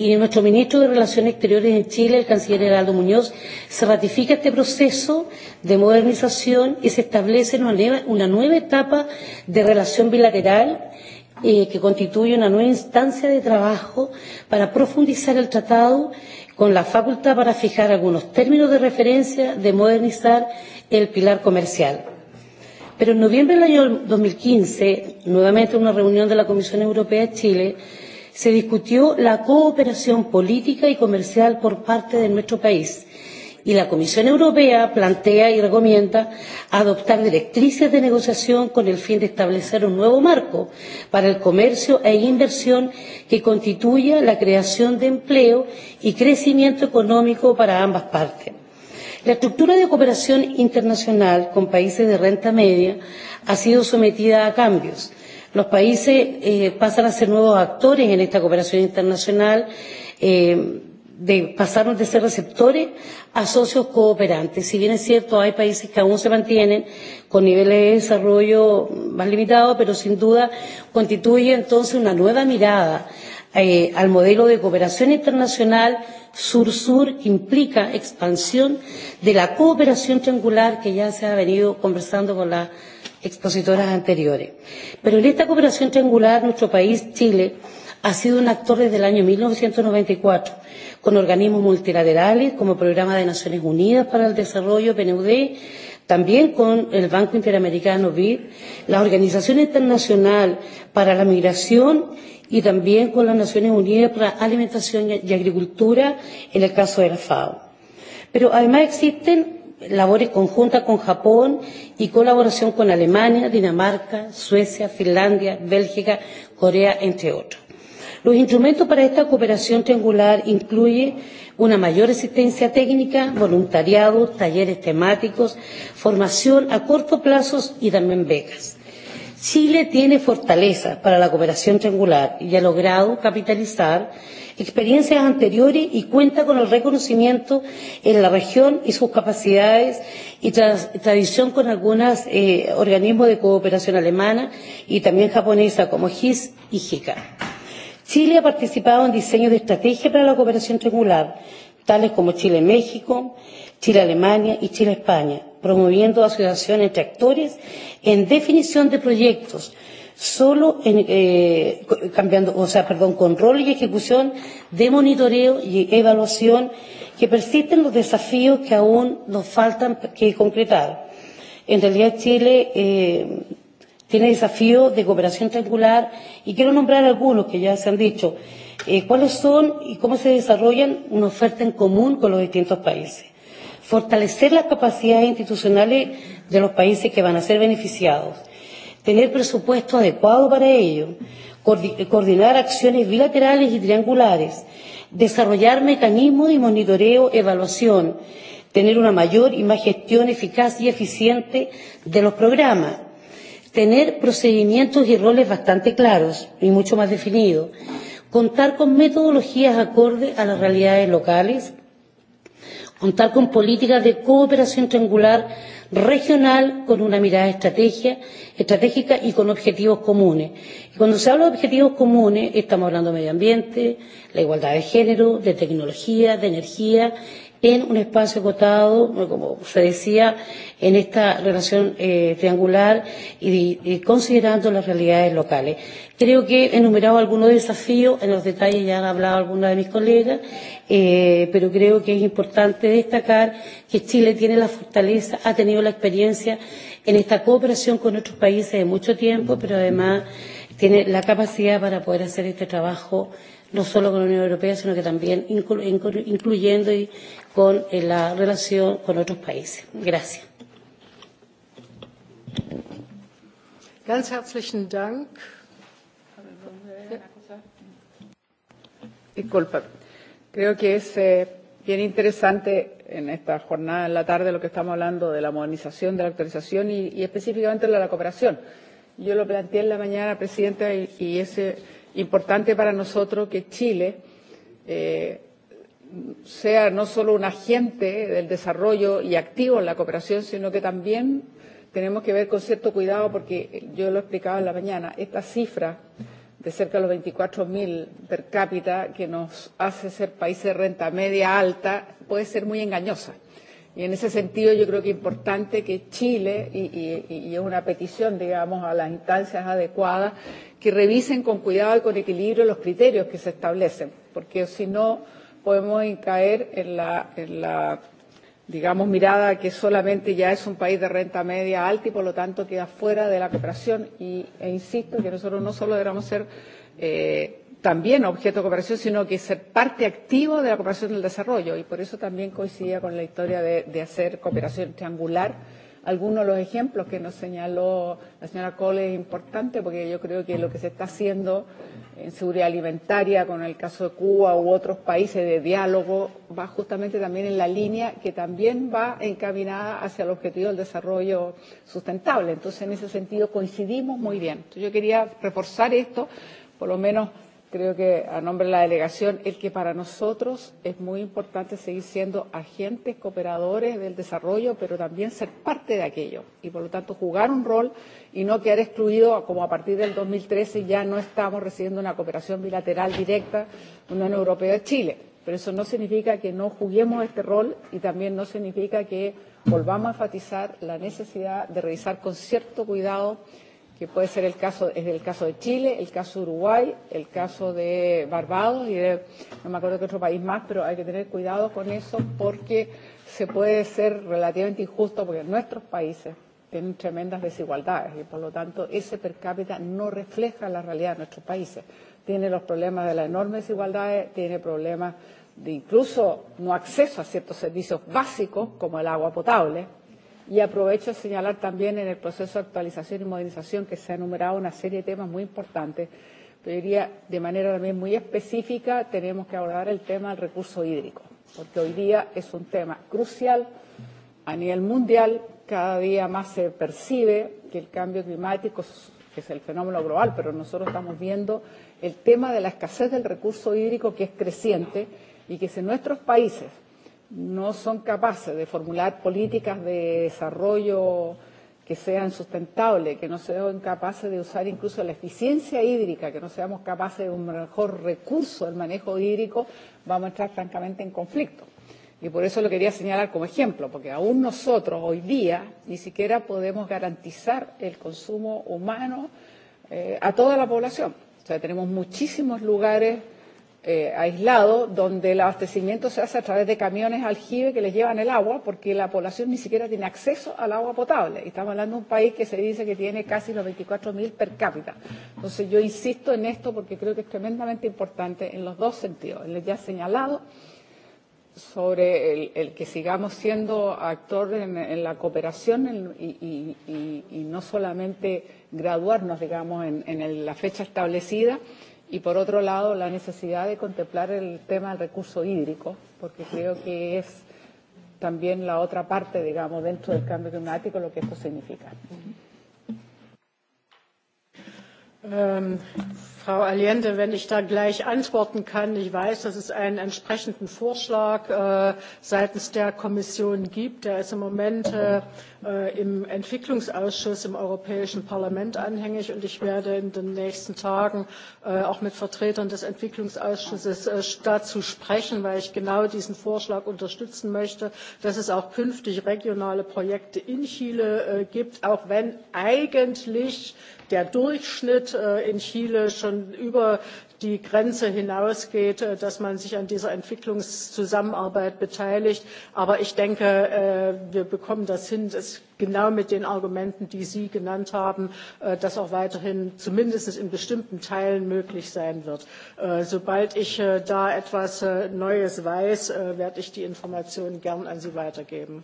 [SPEAKER 7] y nuestro ministro de Relaciones Exteriores en Chile, el canciller Heraldo Muñoz, se ratifica este proceso de modernización y se establece una nueva, una nueva etapa de relación bilateral eh, que constituye una nueva instancia de trabajo para profundizar el tratado con la facultad para fijar algunos términos de referencia de modernizar el pilar comercial. Pero en noviembre del año 2015, nuevamente en una reunión de la Comisión Europea de Chile, se discutió la cooperación política y comercial por parte de nuestro país y la Comisión Europea plantea y recomienda adoptar directrices de negociación con el fin de establecer un nuevo marco para el comercio e inversión que constituya la creación de empleo y crecimiento económico para ambas partes. La estructura de cooperación internacional con países de renta media ha sido sometida a cambios. Los países eh, pasan a ser nuevos actores en esta cooperación internacional, eh, de, pasaron de ser receptores a socios cooperantes. Si bien es cierto, hay países que aún se mantienen con niveles de desarrollo más limitados, pero sin duda constituye entonces una nueva mirada eh, al modelo de cooperación internacional sur-sur que implica expansión de la cooperación triangular que ya se ha venido conversando con la expositoras anteriores. Pero en esta cooperación triangular, nuestro país, Chile, ha sido un actor desde el año 1994, con organismos multilaterales como Programa de Naciones Unidas para el Desarrollo, PNUD, también con el Banco Interamericano, BID, la Organización Internacional para la Migración y también con las Naciones Unidas para Alimentación y Agricultura, en el caso de la FAO. Pero además existen labores conjuntas con Japón y colaboración con Alemania, Dinamarca, Suecia, Finlandia, Bélgica, Corea, entre otros. Los instrumentos para esta cooperación triangular incluyen una mayor asistencia técnica, voluntariado, talleres temáticos, formación a corto plazo y también becas. Chile tiene fortalezas para la cooperación triangular y ha logrado capitalizar experiencias anteriores y cuenta con el reconocimiento en la región y sus capacidades y tra tradición con algunos eh, organismos de cooperación alemana y también japonesa como GIS y JICA. Chile ha participado en diseños de estrategia para la cooperación triangular, tales como Chile-México, Chile-Alemania y Chile-España promoviendo asociaciones entre actores en definición de proyectos, solo en, eh, cambiando, o sea, perdón, con rol y ejecución de monitoreo y evaluación que persisten los desafíos que aún nos faltan que concretar. En realidad Chile eh, tiene desafíos de cooperación triangular y quiero nombrar algunos que ya se han dicho. Eh, ¿Cuáles son y cómo se desarrollan una oferta en común con los distintos países? fortalecer las capacidades institucionales de los países que van a ser beneficiados, tener presupuesto adecuado para ello, coordinar acciones bilaterales y triangulares, desarrollar mecanismos de monitoreo, evaluación, tener una mayor y más gestión eficaz y eficiente de los programas, tener procedimientos y roles bastante claros y mucho más definidos, contar con metodologías acordes a las realidades locales, contar con políticas de cooperación triangular regional con una mirada estrategia, estratégica y con objetivos comunes. Y cuando se habla de objetivos comunes, estamos hablando de medio ambiente, la igualdad de género, de tecnología, de energía, en un espacio acotado, como se decía, en esta relación eh, triangular y, y considerando las realidades locales. Creo que he enumerado algunos desafíos, en los detalles ya han hablado algunas de mis colegas, eh, pero creo que es importante destacar que Chile tiene la fortaleza, ha tenido la experiencia en esta cooperación con otros países de mucho tiempo, pero además tiene la capacidad para poder hacer este trabajo no solo con la Unión Europea, sino que también incluyendo con eh, la relación con otros países. Gracias.
[SPEAKER 1] Ganz herzlichen Dank.
[SPEAKER 2] Disculpa. Creo que es eh, bien interesante en esta jornada, en la tarde, lo que estamos hablando de la modernización, de la actualización y, y específicamente de la cooperación. Yo lo planteé en la mañana, Presidenta, y, y es eh, importante para nosotros que Chile. Eh, sea no solo un agente del desarrollo y activo en la cooperación, sino que también tenemos que ver con cierto cuidado, porque yo lo explicaba en la mañana, esta cifra de cerca de los 24.000 per cápita que nos hace ser países de renta media alta puede ser muy engañosa. Y en ese sentido yo creo que es importante que Chile, y, y, y es una petición, digamos, a las instancias adecuadas, que revisen con cuidado y con equilibrio los criterios que se establecen, porque si no podemos caer en la, en la, digamos, mirada que solamente ya es un país de renta media alta y por lo tanto queda fuera de la cooperación. Y, e insisto que nosotros no solo deberíamos ser eh, también objeto de cooperación, sino que ser parte activa de la cooperación del desarrollo. Y por eso también coincidía con la historia de, de hacer cooperación triangular algunos de los ejemplos que nos señaló la señora Cole es importante porque yo creo que lo que se está haciendo en seguridad alimentaria con el caso de Cuba u otros países de diálogo va justamente también en la línea que también va encaminada hacia el objetivo del desarrollo sustentable. Entonces, en ese sentido, coincidimos muy bien. Entonces, yo quería reforzar esto, por lo menos creo que a nombre de la delegación, el que para nosotros es muy importante seguir siendo agentes cooperadores del desarrollo, pero también ser parte de aquello y, por lo tanto, jugar un rol y no quedar excluido, como a partir del 2013 ya no estamos recibiendo una cooperación bilateral directa Unión Europea-Chile. Pero eso no significa que no juguemos este rol y también no significa que volvamos a enfatizar la necesidad de revisar con cierto cuidado que puede ser el caso, es el caso de Chile, el caso de Uruguay, el caso de Barbados y de, no me acuerdo qué otro país más, pero hay que tener cuidado con eso porque se puede ser relativamente injusto porque nuestros países tienen tremendas desigualdades y por lo tanto ese per cápita no refleja la realidad de nuestros países. Tiene los problemas de las enormes desigualdades, tiene problemas de incluso no acceso a ciertos servicios básicos como el agua potable, Y aprovecho a señalar también en el proceso de actualización y modernización que se ha enumerado una serie de temas muy importantes, pero yo diría de manera también muy específica tenemos que abordar el tema del recurso hídrico, porque hoy día es un tema crucial a nivel mundial, cada día más se percibe que el cambio climático que es el fenómeno global, pero nosotros estamos viendo el tema de la escasez del recurso hídrico que es creciente y que si nuestros países no son capaces de formular políticas de desarrollo que sean sustentables, que no sean capaces de usar incluso la eficiencia hídrica, que no seamos capaces de un mejor recurso del manejo hídrico, vamos a entrar francamente en conflicto. Y por eso lo quería señalar como ejemplo, porque aún nosotros hoy día ni siquiera podemos garantizar el consumo humano eh, a toda la población. O sea, tenemos muchísimos lugares eh, aislado donde el abastecimiento se hace a través de camiones aljibe que les llevan el agua porque la población ni siquiera tiene acceso al agua potable. Estamos hablando de un país que se dice que tiene casi los 24.000 per cápita. Entonces yo insisto en esto porque creo que es tremendamente importante en los dos sentidos. Les ya señalado sobre el, el que sigamos siendo actor en, en la cooperación en, y, y, y, y no solamente graduarnos, digamos, en, en el, la fecha establecida, Y por otro lado, la necesidad de contemplar el tema del recurso hídrico, porque creo que es también la otra parte, digamos, dentro del
[SPEAKER 1] cambio climático, lo que esto significa. Um, Frau Allende, wenn ich da gleich antworten kann. Ich weiß, dass es einen entsprechenden Vorschlag äh, seitens der Kommission gibt. Der ist im Moment äh, äh, im Entwicklungsausschuss im Europäischen Parlament anhängig. Und ich werde in den nächsten Tagen auch mit Vertretern des Entwicklungsausschusses dazu sprechen, weil ich genau diesen Vorschlag unterstützen möchte, dass es auch künftig regionale Projekte in Chile gibt, auch wenn eigentlich der Durchschnitt in Chile schon über die grenze hinausgeht äh, dass man sich an dieser entwicklungszusammenarbeit beteiligt aber ich denke äh, wir bekommen das hin das genau mit den argumenten die sie genannt haben äh, auch weiterhin zumindest in bestimmten teilen möglich sein wird. sobald ich da etwas neues weiß werde ich die informationen gern an sie weitergeben.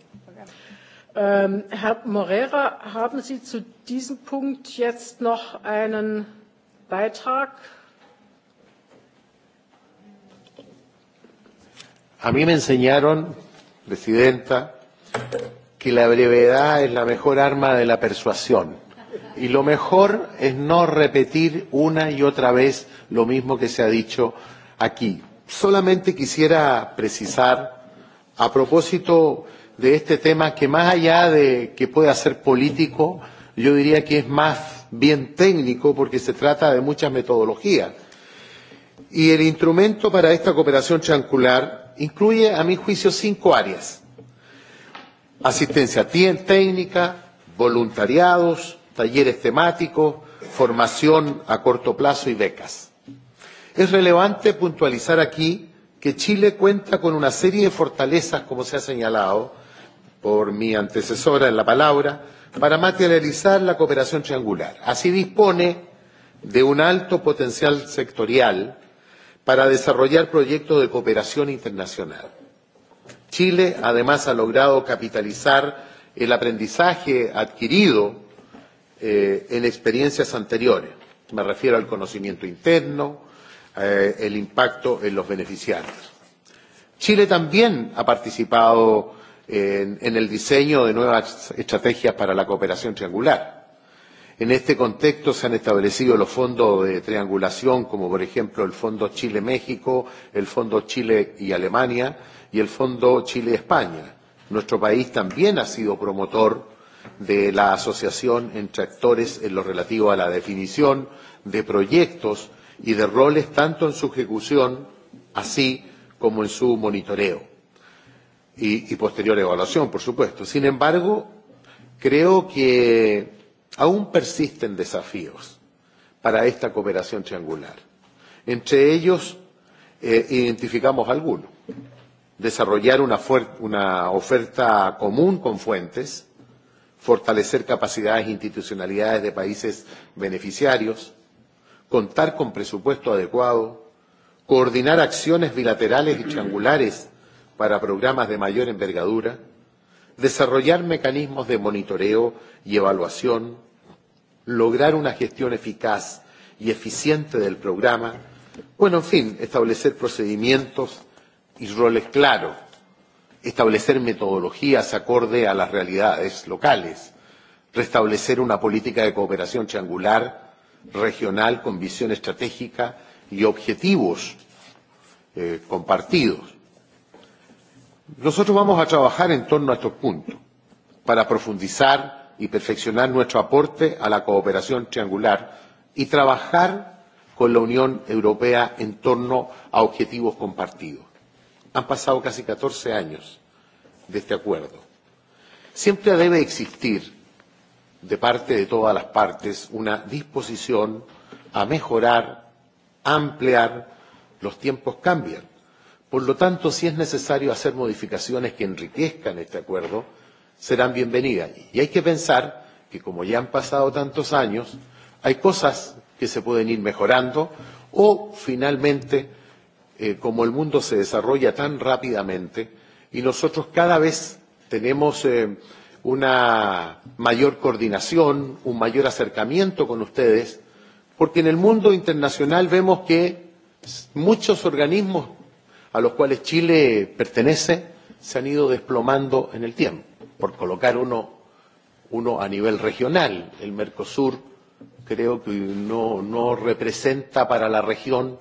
[SPEAKER 1] Ähm, herr moreira haben sie zu diesem punkt jetzt noch einen Beitrag.
[SPEAKER 8] A mí me enseñaron, Presidenta, que la brevedad es la mejor arma de la persuasión. Y lo mejor es no repetir una y otra vez lo mismo que se ha dicho aquí. Solamente quisiera precisar, a propósito de este tema, que más allá de que pueda ser político, yo diría que es más bien técnico porque se trata de muchas metodologías. Y el instrumento para esta cooperación triangular incluye, a mi juicio, cinco áreas. Asistencia técnica, voluntariados, talleres temáticos, formación a corto plazo y becas. Es relevante puntualizar aquí que Chile cuenta con una serie de fortalezas, como se ha señalado, por mi antecesora en la palabra, para materializar la cooperación triangular. Así dispone de un alto potencial sectorial para desarrollar proyectos de cooperación internacional. Chile, además, ha logrado capitalizar el aprendizaje adquirido eh, en experiencias anteriores. Me refiero al conocimiento interno, eh, el impacto en los beneficiarios. Chile también ha participado en, en el diseño de nuevas estrategias para la cooperación triangular. En este contexto se han establecido los fondos de triangulación, como por ejemplo el Fondo Chile-México, el Fondo Chile y Alemania y el Fondo Chile-España. Nuestro país también ha sido promotor de la asociación entre actores en lo relativo a la definición de proyectos y de roles, tanto en su ejecución así como en su monitoreo y, y posterior evaluación, por supuesto. Sin embargo, creo que aún persisten desafíos para esta cooperación triangular. Entre ellos, eh, identificamos algunos. Desarrollar una, una oferta común con fuentes, fortalecer capacidades e institucionalidades de países beneficiarios, contar con presupuesto adecuado, coordinar acciones bilaterales y triangulares para programas de mayor envergadura, desarrollar mecanismos de monitoreo y evaluación, lograr una gestión eficaz y eficiente del programa, bueno, en fin, establecer procedimientos y roles claros, establecer metodologías acorde a las realidades locales, restablecer una política de cooperación triangular, regional, con visión estratégica y objetivos eh, compartidos, Nosotros vamos a trabajar en torno a estos puntos para profundizar y perfeccionar nuestro aporte a la cooperación triangular y trabajar con la Unión Europea en torno a objetivos compartidos. Han pasado casi 14 años de este acuerdo. Siempre debe existir de parte de todas las partes una disposición a mejorar, a ampliar, los tiempos cambian. Por lo tanto, si es necesario hacer modificaciones que enriquezcan este acuerdo, serán bienvenidas. Y hay que pensar que, como ya han pasado tantos años, hay cosas que se pueden ir mejorando o, finalmente, eh, como el mundo se desarrolla tan rápidamente y nosotros cada vez tenemos eh, una mayor coordinación, un mayor acercamiento con ustedes, porque en el mundo internacional vemos que muchos organismos a los cuales Chile pertenece se han ido desplomando en el tiempo, por colocar uno, uno a nivel regional. El Mercosur creo que no, no representa para la región,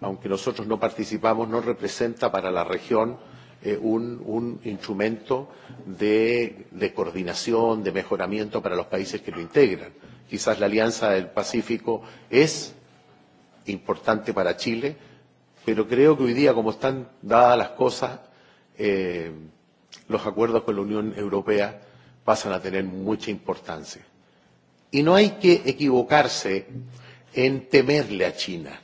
[SPEAKER 8] aunque nosotros no participamos, no representa para la región eh, un, un instrumento de, de coordinación, de mejoramiento para los países que lo integran. Quizás la Alianza del Pacífico es importante para Chile, pero creo que hoy día, como están dadas las cosas, eh, los acuerdos con la Unión Europea pasan a tener mucha importancia. Y no hay que equivocarse en temerle a China.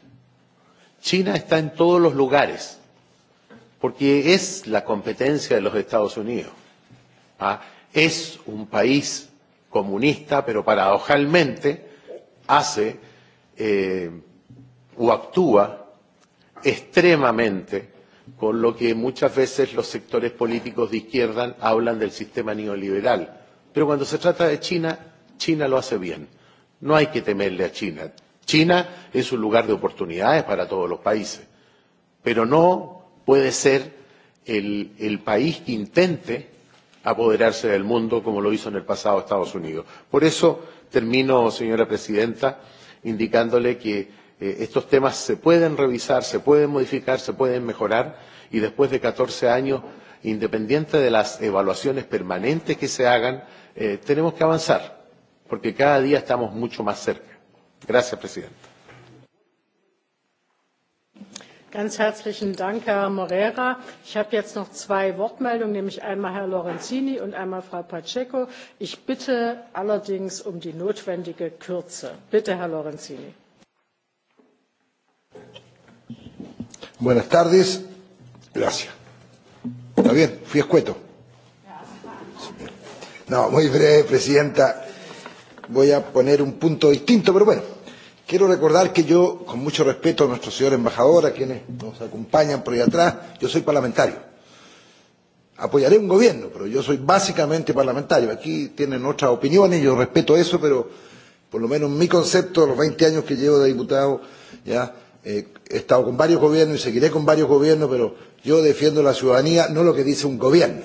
[SPEAKER 8] China está en todos los lugares, porque es la competencia de los Estados Unidos. ¿ah? Es un país comunista, pero paradojalmente hace eh, o actúa extremamente con lo que muchas veces los sectores políticos de izquierda hablan del sistema neoliberal. Pero cuando se trata de China, China lo hace bien. No hay que temerle a China. China es un lugar de oportunidades para todos los países, pero no puede ser el, el país que intente apoderarse del mundo como lo hizo en el pasado Estados Unidos. Por eso termino, señora presidenta, indicándole que eh, estos temas se pueden revisar, se pueden modificar, se pueden mejorar y después de 14 años, independiente de las evaluaciones permanentes que se hagan, eh, tenemos que avanzar porque cada día estamos mucho más cerca. Gracias, presidente.
[SPEAKER 1] Ganz herzlichen Dank, Herr Morera. Ich habe jetzt noch zwei Wortmeldungen, nämlich einmal Herr Lorenzini und einmal Frau Pacheco. Ich bitte allerdings um die notwendige Kürze. Bitte, Herr Lorenzini.
[SPEAKER 9] Buenas tardes. Gracias. ¿Está bien? Fui escueto. No, muy breve, Presidenta. Voy a poner un punto distinto, pero bueno. Quiero recordar que yo, con mucho respeto a nuestro señor embajador, a quienes nos acompañan por ahí atrás, yo soy parlamentario. Apoyaré un gobierno, pero yo soy básicamente parlamentario. Aquí tienen otras opiniones, yo respeto eso, pero por lo menos mi concepto de los 20 años que llevo de diputado, ya, eh, he estado con varios gobiernos y seguiré con varios gobiernos, pero yo defiendo la ciudadanía, no lo que dice un gobierno.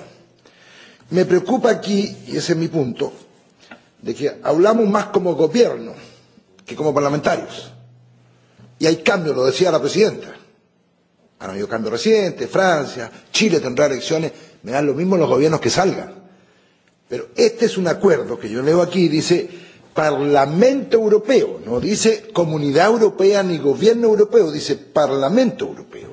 [SPEAKER 9] Me preocupa aquí, y ese es mi punto, de que hablamos más como gobierno que como parlamentarios. Y hay cambios, lo decía la presidenta. Han habido cambios recientes, Francia, Chile tendrá elecciones, me dan lo mismo los gobiernos que salgan. Pero este es un acuerdo que yo leo aquí, dice Parlamento Europeo, no dice Comunidad Europea ni Gobierno Europeo, dice Parlamento Europeo.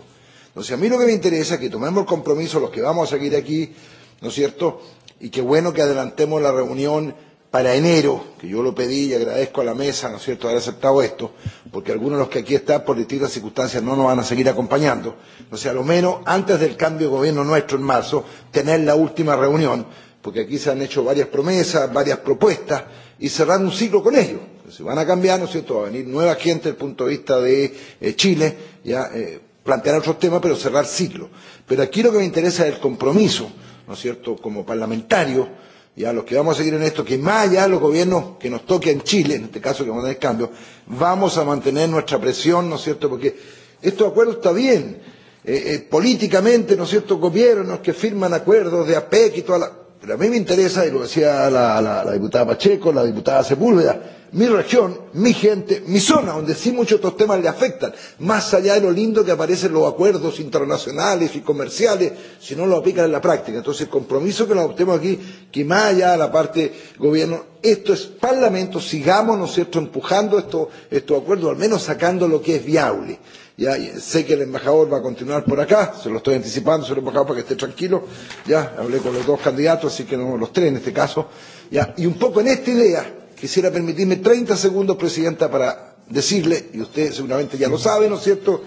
[SPEAKER 9] Entonces, a mí lo que me interesa es que tomemos el compromiso los que vamos a seguir aquí, ¿no es cierto? Y qué bueno que adelantemos la reunión para enero, que yo lo pedí y agradezco a la mesa, ¿no es cierto?, haber aceptado esto, porque algunos de los que aquí están, por distintas circunstancias, no nos van a seguir acompañando. O sea, a lo menos antes del cambio de gobierno nuestro en marzo, tener la última reunión porque aquí se han hecho varias promesas, varias propuestas, y cerrar un ciclo con ellos. Se van a cambiar, ¿no es cierto? Va a venir nueva gente desde el punto de vista de eh, Chile, ya eh, plantear otros temas, pero cerrar ciclo. Pero aquí lo que me interesa es el compromiso, ¿no es cierto?, como parlamentario, ya los que vamos a seguir en esto, que más allá de los gobiernos que nos toquen en Chile, en este caso que vamos a tener cambio, vamos a mantener nuestra presión, ¿no es cierto?, porque estos acuerdos está bien. Eh, eh, políticamente, ¿no es cierto?, gobiernos que firman acuerdos de APEC y toda la... Pero a mí me interesa, y lo decía la, la, la diputada Pacheco, la diputada Sepúlveda, mi región, mi gente, mi zona, donde sí muchos de estos temas le afectan, más allá de lo lindo que aparecen los acuerdos internacionales y comerciales, si no lo aplican en la práctica. Entonces, el compromiso que lo adoptemos aquí, que más allá de la parte gobierno, esto es parlamento, sigamos, ¿no es cierto?, empujando estos esto acuerdos, al menos sacando lo que es viable ya sé que el embajador va a continuar por acá, se lo estoy anticipando, se lo he embajado para que esté tranquilo, ya hablé con los dos candidatos, así que no los tres en este caso, ya, y un poco en esta idea, quisiera permitirme 30 segundos, Presidenta, para decirle, y usted seguramente ya lo sabe, ¿no es cierto?,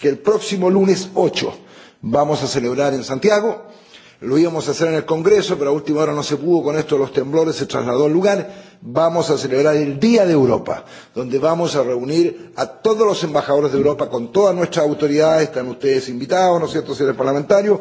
[SPEAKER 9] que el próximo lunes 8 vamos a celebrar en Santiago Lo íbamos a hacer en el Congreso, pero a última hora no se pudo, con esto de los temblores se trasladó al lugar. Vamos a celebrar el Día de Europa, donde vamos a reunir a todos los embajadores de Europa con todas nuestras autoridades, están ustedes invitados, ¿no es cierto?, señores parlamentarios,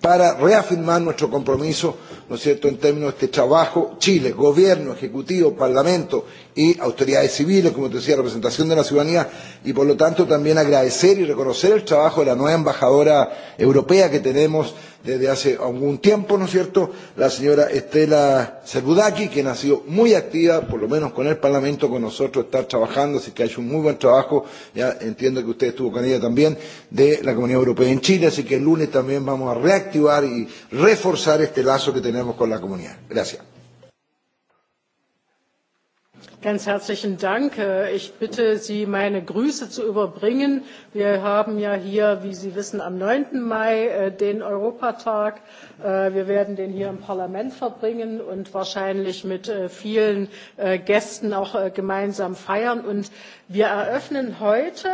[SPEAKER 9] para reafirmar nuestro compromiso, ¿no es cierto?, en términos de este trabajo, Chile, gobierno, ejecutivo, parlamento y autoridades civiles, como te decía, representación de la ciudadanía, y por lo tanto también agradecer y reconocer el trabajo de la nueva embajadora europea que tenemos desde hace algún tiempo, ¿no es cierto?, la señora Estela Cerudaki, quien ha sido muy activa, por lo menos con el Parlamento, con nosotros, está trabajando, así que ha hecho un muy buen trabajo, ya entiendo que usted estuvo con ella también, de la Comunidad Europea en Chile, así que el lunes también vamos a reactivar y reforzar este lazo que tenemos con la comunidad. Gracias
[SPEAKER 1] ganz herzlichen Dank. Äh, ich bitte Sie, meine Grüße zu überbringen. Wir haben ja hier, wie Sie wissen, am 9. Mai äh, den Europatag. Äh, wir werden den hier im Parlament verbringen und wahrscheinlich mit vielen Gästen auch gemeinsam feiern. Und wir eröffnen heute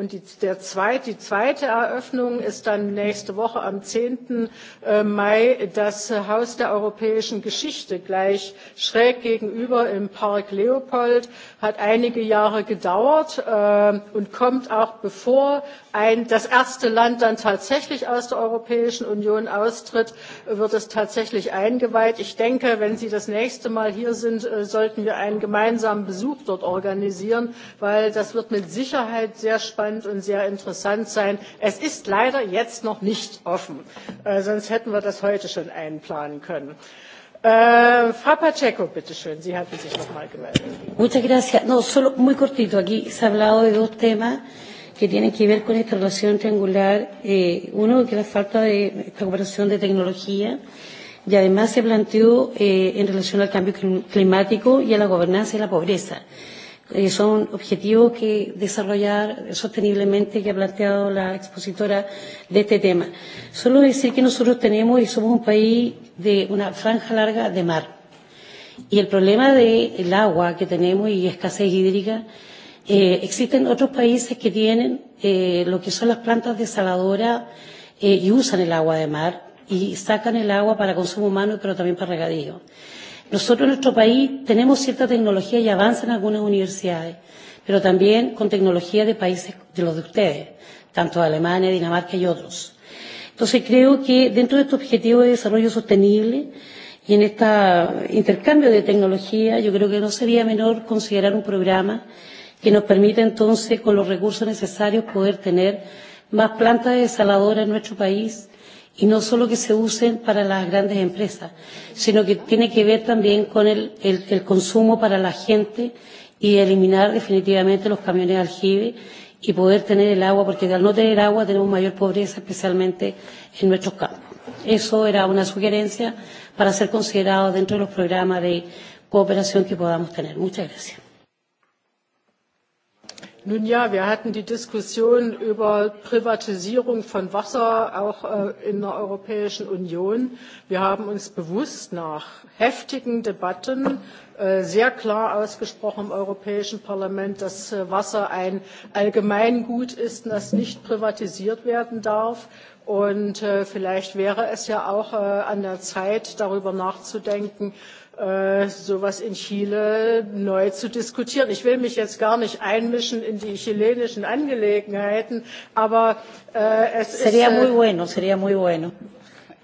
[SPEAKER 1] Und die zweite Eröffnung ist dann nächste Woche am 10. Äh, Mai das Haus der europäischen Geschichte gleich schräg gegenüber im Park Leopold. Hat einige Jahre gedauert äh, und kommt auch bevor ein, das erste Land dann tatsächlich aus der Europäischen Union austritt, wird es tatsächlich eingeweiht. Ich denke, wenn Sie das nächste Mal hier sind, äh, sollten wir einen gemeinsamen Besuch dort organisieren, weil das wird mit Sicherheit sehr spannend spannend und sehr interessant sein. Es ist leider jetzt noch nicht offen, äh, sonst hätten wir das heute schon einplanen können. Äh, Frau Pacheco, bitte schön, Sie hatten sich noch mal gemeldet.
[SPEAKER 7] Muchas gracias. No, solo muy cortito. Aquí se ha hablado de dos temas que tienen que ver con esta relación triangular. Eh, uno, que la falta de esta cooperación de tecnología. Y además se planteó eh, en relación al cambio climático y a la gobernanza y la pobreza. Eh, son objetivos que desarrollar sosteniblemente que ha planteado la expositora de este tema. Solo decir que nosotros tenemos y somos un país de una franja larga de mar. Y el problema del de agua que tenemos y escasez hídrica, eh, existen otros países que tienen eh, lo que son las plantas desaladoras eh, y usan el agua de mar y sacan el agua para consumo humano pero también para regadío. Nosotros en nuestro país tenemos cierta tecnología y avanza en algunas universidades, pero también con tecnología de países de los de ustedes, tanto de Alemania, Dinamarca y otros. Entonces creo que dentro de este objetivo de desarrollo sostenible y en este intercambio de tecnología, yo creo que no sería menor considerar un programa que nos permita entonces, con los recursos necesarios, poder tener más plantas de desaladoras en nuestro país y no solo que se usen para las grandes empresas, sino que tiene que ver también con el, el, el consumo para la gente y eliminar definitivamente los camiones aljibe y poder tener el agua, porque al no tener agua tenemos mayor pobreza, especialmente en nuestros campos. Eso era una sugerencia para ser considerado dentro de los programas de cooperación que podamos tener. Muchas gracias
[SPEAKER 1] nun ja wir hatten die diskussion über privatisierung von wasser auch äh, in der europäischen union. wir haben uns bewusst nach heftigen debatten äh, sehr klar ausgesprochen im europäischen parlament dass äh, wasser ein allgemeingut ist das nicht privatisiert werden darf. und vielleicht wäre es ja auch an der zeit darüber nachzudenken Äh, sowas in Chile neu zu diskutieren. Ich will mich jetzt gar nicht einmischen in die chilenischen Angelegenheiten, aber äh, es sería ist. Muy äh,
[SPEAKER 7] bueno, sería muy bueno.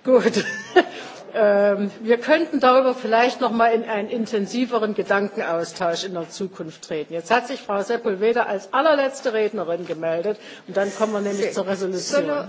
[SPEAKER 1] Gut. ähm, wir könnten darüber vielleicht noch mal in einen intensiveren Gedankenaustausch in der Zukunft treten. Jetzt hat sich Frau Sepulveda als allerletzte Rednerin gemeldet und dann kommen wir nämlich sí. zur Resolution. Solo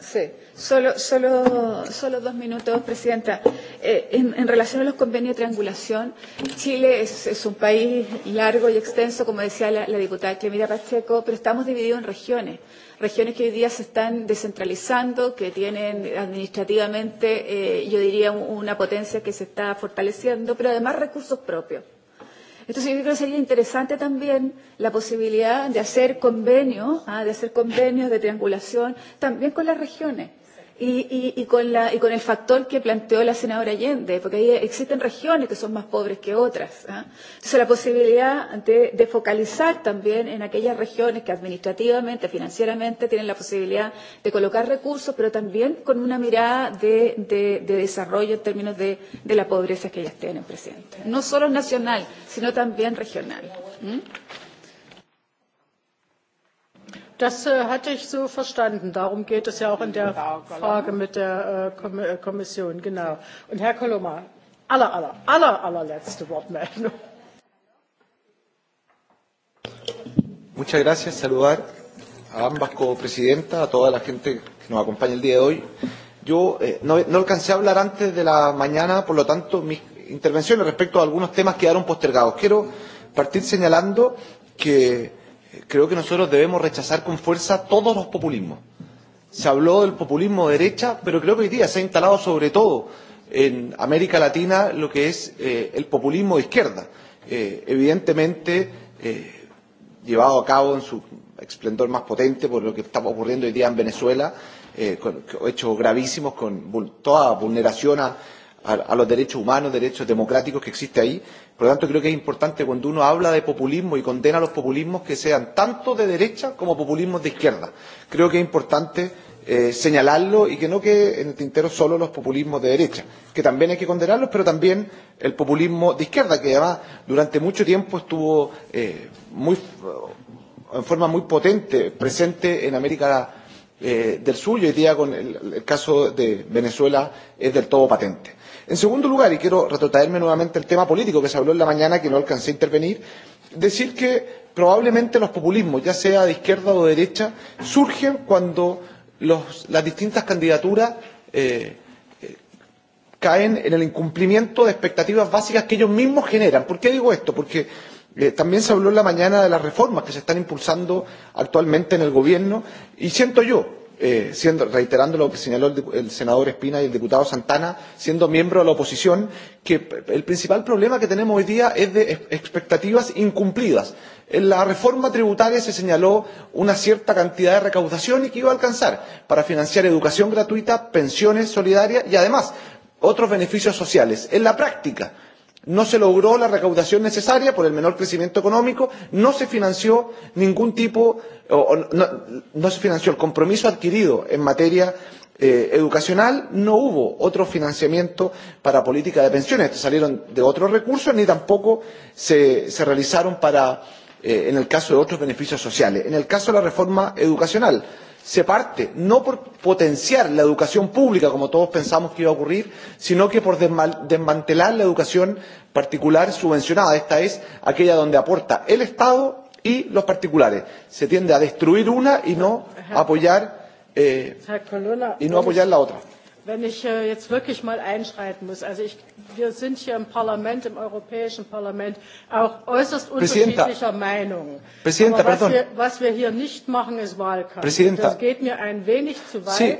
[SPEAKER 1] Sí,
[SPEAKER 3] solo, solo, solo dos minutos, Presidenta. Eh, en, en relación a los convenios de triangulación, Chile es, es un país largo y extenso, como decía la, la diputada Clemira Pacheco, pero estamos divididos en regiones, regiones que hoy día se están descentralizando, que tienen administrativamente, eh, yo diría, una potencia que se está fortaleciendo, pero además recursos propios. Entonces, yo creo que sería interesante también la posibilidad de hacer convenios, ¿ah? de hacer convenios de triangulación también con las regiones. Y, y, y, con la, y con el factor que planteó la senadora Allende, porque ahí existen regiones que son más pobres que otras. ¿eh? Entonces, la posibilidad de, de focalizar también en aquellas regiones que administrativamente, financieramente, tienen la posibilidad de colocar recursos, pero también con una mirada de, de, de desarrollo en términos de, de la pobreza que ellas tienen,
[SPEAKER 1] presidente. No solo nacional, sino también regional. ¿eh? Das äh, hatte ich so verstanden. Darum geht es ja auch in der Frage mit der äh, äh, Kommission. Genau. Und Herr Koloma, aller, aller, aller, allerletzte Wortmeldung.
[SPEAKER 10] Muchas gracias. Saludar a ambas co-presidenta, a toda la gente que nos acompaña el día de hoy. Yo eh, no, no alcancé a hablar antes de la mañana, por lo tanto, mis intervenciones respecto a algunos temas quedaron postergados. Quiero partir señalando que creo que nosotros debemos rechazar con fuerza todos los populismos. Se habló del populismo de derecha, pero creo que hoy día se ha instalado sobre todo en América Latina lo que es eh, el populismo de izquierda, eh, evidentemente eh, llevado a cabo en su esplendor más potente por lo que está ocurriendo hoy día en Venezuela, eh, con, con hechos gravísimos con toda vulneración a, a, a los derechos humanos, derechos democráticos que existe ahí. Por lo tanto, creo que es importante cuando uno habla de populismo y condena a los populismos que sean tanto de derecha como populismos de izquierda. Creo que es importante eh, señalarlo y que no quede en el tintero solo los populismos de derecha, que también hay que condenarlos, pero también el populismo de izquierda, que además durante mucho tiempo estuvo eh, muy, en forma muy potente presente en América eh, del Sur y hoy día con el, el caso de Venezuela es del todo patente. En segundo lugar, y quiero retrotraerme nuevamente al tema político que se habló en la mañana, que no alcancé a intervenir, decir que probablemente los populismos, ya sea de izquierda o de derecha, surgen cuando los, las distintas candidaturas eh, eh, caen en el incumplimiento de expectativas básicas que ellos mismos generan. ¿Por qué digo esto? Porque eh, también se habló en la mañana de las reformas que se están impulsando actualmente en el Gobierno y siento yo eh, siendo, reiterando lo que señaló el, el senador Espina y el diputado Santana, siendo miembro de la oposición, que el principal problema que tenemos hoy día es de expectativas incumplidas. En la reforma tributaria se señaló una cierta cantidad de recaudación y que iba a alcanzar para financiar educación gratuita, pensiones solidarias y además otros beneficios sociales. En la práctica, No se logró la recaudación necesaria por el menor crecimiento económico, no se financió ningún tipo, o, no, no se financió el compromiso adquirido en materia eh, educacional, no hubo otro financiamiento para política de pensiones, salieron de otros recursos, ni tampoco se, se realizaron para, eh, en el caso de otros beneficios sociales. En el caso de la reforma educacional, se parte no por potenciar la educación pública, como todos pensamos que iba a ocurrir, sino que por desmantelar la educación particular subvencionada. Esta es aquella donde aporta el Estado y los particulares. Se tiende a destruir una y no apoyar, eh,
[SPEAKER 1] y no apoyar la otra wenn ich äh, jetzt wirklich mal einschreiten muss. Also ich, wir sind hier im Parlament, im Europäischen Parlament, auch äußerst unterschiedlicher Presidenta. Meinung.
[SPEAKER 10] Presidenta, Aber was, wir,
[SPEAKER 1] was wir hier nicht machen, ist Wahlkampf. Presidenta. Das geht mir ein wenig zu weit. Si.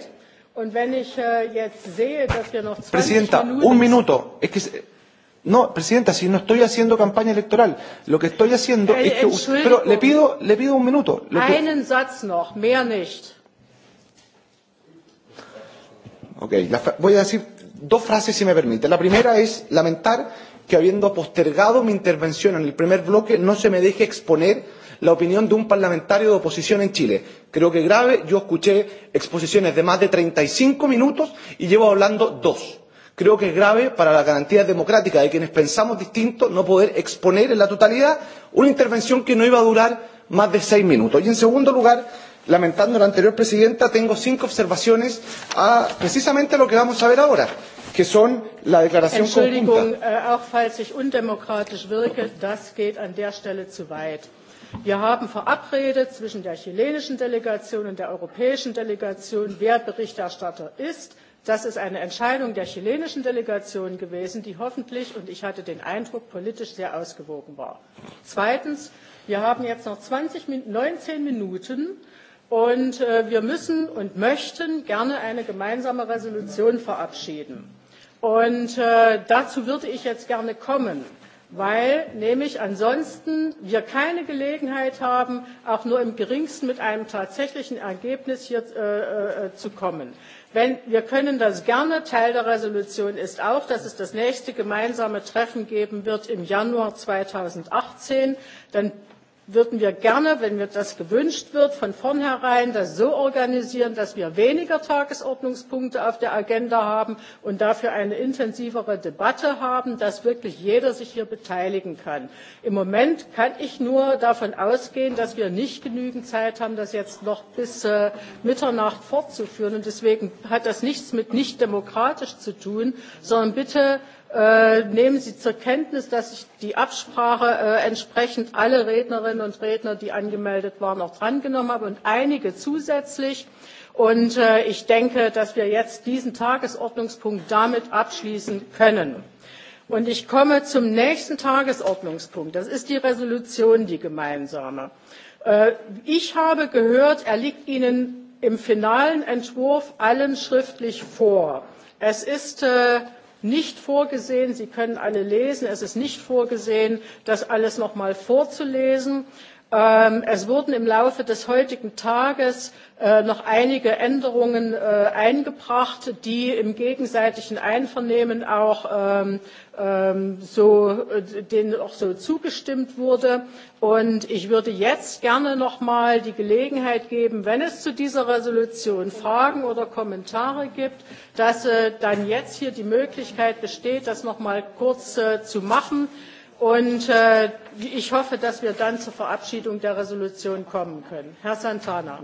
[SPEAKER 1] Und wenn ich äh, jetzt sehe, dass wir noch 20
[SPEAKER 10] Presidenta, Minuten... Un minuto. Es que... No, Presidenta, si no estoy haciendo campaña electoral, lo que estoy haciendo eh, es que... Pero le pido, le pido un minuto. Lo einen
[SPEAKER 1] que... Satz noch, mehr nicht.
[SPEAKER 10] Ok, la voy a decir dos frases si me permite. La primera es lamentar que habiendo postergado mi intervención en el primer bloque no se me deje exponer la opinión de un parlamentario de oposición en Chile. Creo que grave, yo escuché exposiciones de más de 35 minutos y llevo hablando dos. Creo que es grave para la garantía democrática de quienes pensamos distinto no poder exponer en la totalidad una intervención que no iba a durar más de seis minutos. Y en segundo lugar, lamentando a la anterior presidenta, tengo cinco observaciones a precisamente lo que vamos a ver ahora, que son la declaración conjunta.
[SPEAKER 1] Äh, wir haben verabredet zwischen der chilenischen Delegation und der europäischen Delegation, wer Berichterstatter ist. Das ist eine Entscheidung der chilenischen Delegation gewesen, die hoffentlich und ich hatte den Eindruck politisch sehr ausgewogen war. Zweitens, wir haben jetzt noch 20, 19 Minuten, Und äh, wir müssen und möchten gerne eine gemeinsame Resolution verabschieden. Und äh, dazu würde ich jetzt gerne kommen, weil nämlich ansonsten wir keine Gelegenheit haben, auch nur im geringsten mit einem tatsächlichen Ergebnis hier äh, äh, zu kommen. Wenn, wir können das gerne, Teil der Resolution ist auch, dass es das nächste gemeinsame Treffen geben wird im Januar 2018. Dann würden wir gerne, wenn mir das gewünscht wird, von vornherein das so organisieren, dass wir weniger Tagesordnungspunkte auf der Agenda haben und dafür eine intensivere Debatte haben, dass wirklich jeder sich hier beteiligen kann. Im Moment kann ich nur davon ausgehen, dass wir nicht genügend Zeit haben, das jetzt noch bis äh, Mitternacht fortzuführen. Und deswegen hat das nichts mit nicht demokratisch zu tun, sondern bitte Äh, nehmen Sie zur Kenntnis, dass ich die Absprache äh, entsprechend alle Rednerinnen und Redner, die angemeldet waren, auch drangenommen habe und einige zusätzlich. Und äh, ich denke, dass wir jetzt diesen Tagesordnungspunkt damit abschließen können. Und ich komme zum nächsten Tagesordnungspunkt. Das ist die Resolution, die gemeinsame. Äh, ich habe gehört, er liegt Ihnen im finalen Entwurf allen schriftlich vor. Es ist äh, nicht vorgesehen sie können alle lesen es ist nicht vorgesehen das alles noch einmal vorzulesen. Ähm, es wurden im Laufe des heutigen Tages äh, noch einige Änderungen äh, eingebracht, die im gegenseitigen Einvernehmen auch ähm, ähm, so, äh, denen auch so zugestimmt wurde. Und ich würde jetzt gerne noch mal die Gelegenheit geben, wenn es zu dieser Resolution Fragen oder Kommentare gibt, dass dann jetzt hier die Möglichkeit besteht, das noch mal kurz zu machen und äh, ich hoffe, dass wir dann zur Verabschiedung der Resolution kommen können. Herr Santana.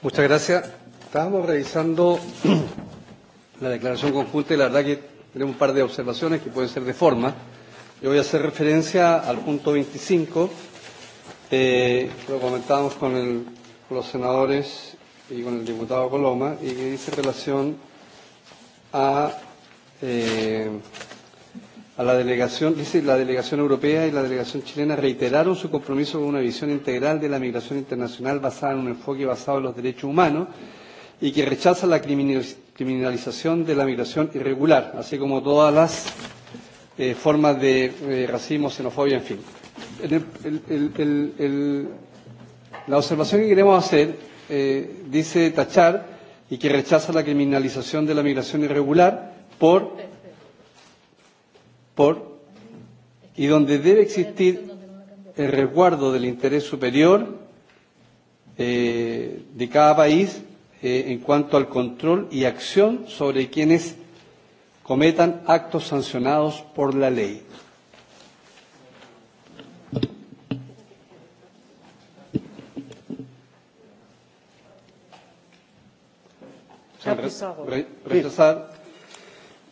[SPEAKER 11] Muchas gracias. Estamos revisando la declaración conjunta y la verdad que tenemos un par de observaciones que pueden ser de forma. Yo voy a hacer referencia al punto 25. Eh, lo comentábamos con, con los senadores y con el diputado Coloma y que dice relación a eh, a la delegación dice la delegación europea y la delegación chilena reiteraron su compromiso con una visión integral de la migración internacional basada en un enfoque basado en los derechos humanos y que rechaza la criminalización de la migración irregular así como todas las eh, formas de eh, racismo xenofobia en fin el, el, el, el, el, la observación que queremos hacer eh, dice tachar y que rechaza la criminalización de la migración irregular por por y donde debe existir el resguardo del interés superior eh, de cada país eh, en cuanto al control y acción sobre quienes cometan actos sancionados por la ley.
[SPEAKER 12] se ha pisado. Rechazar.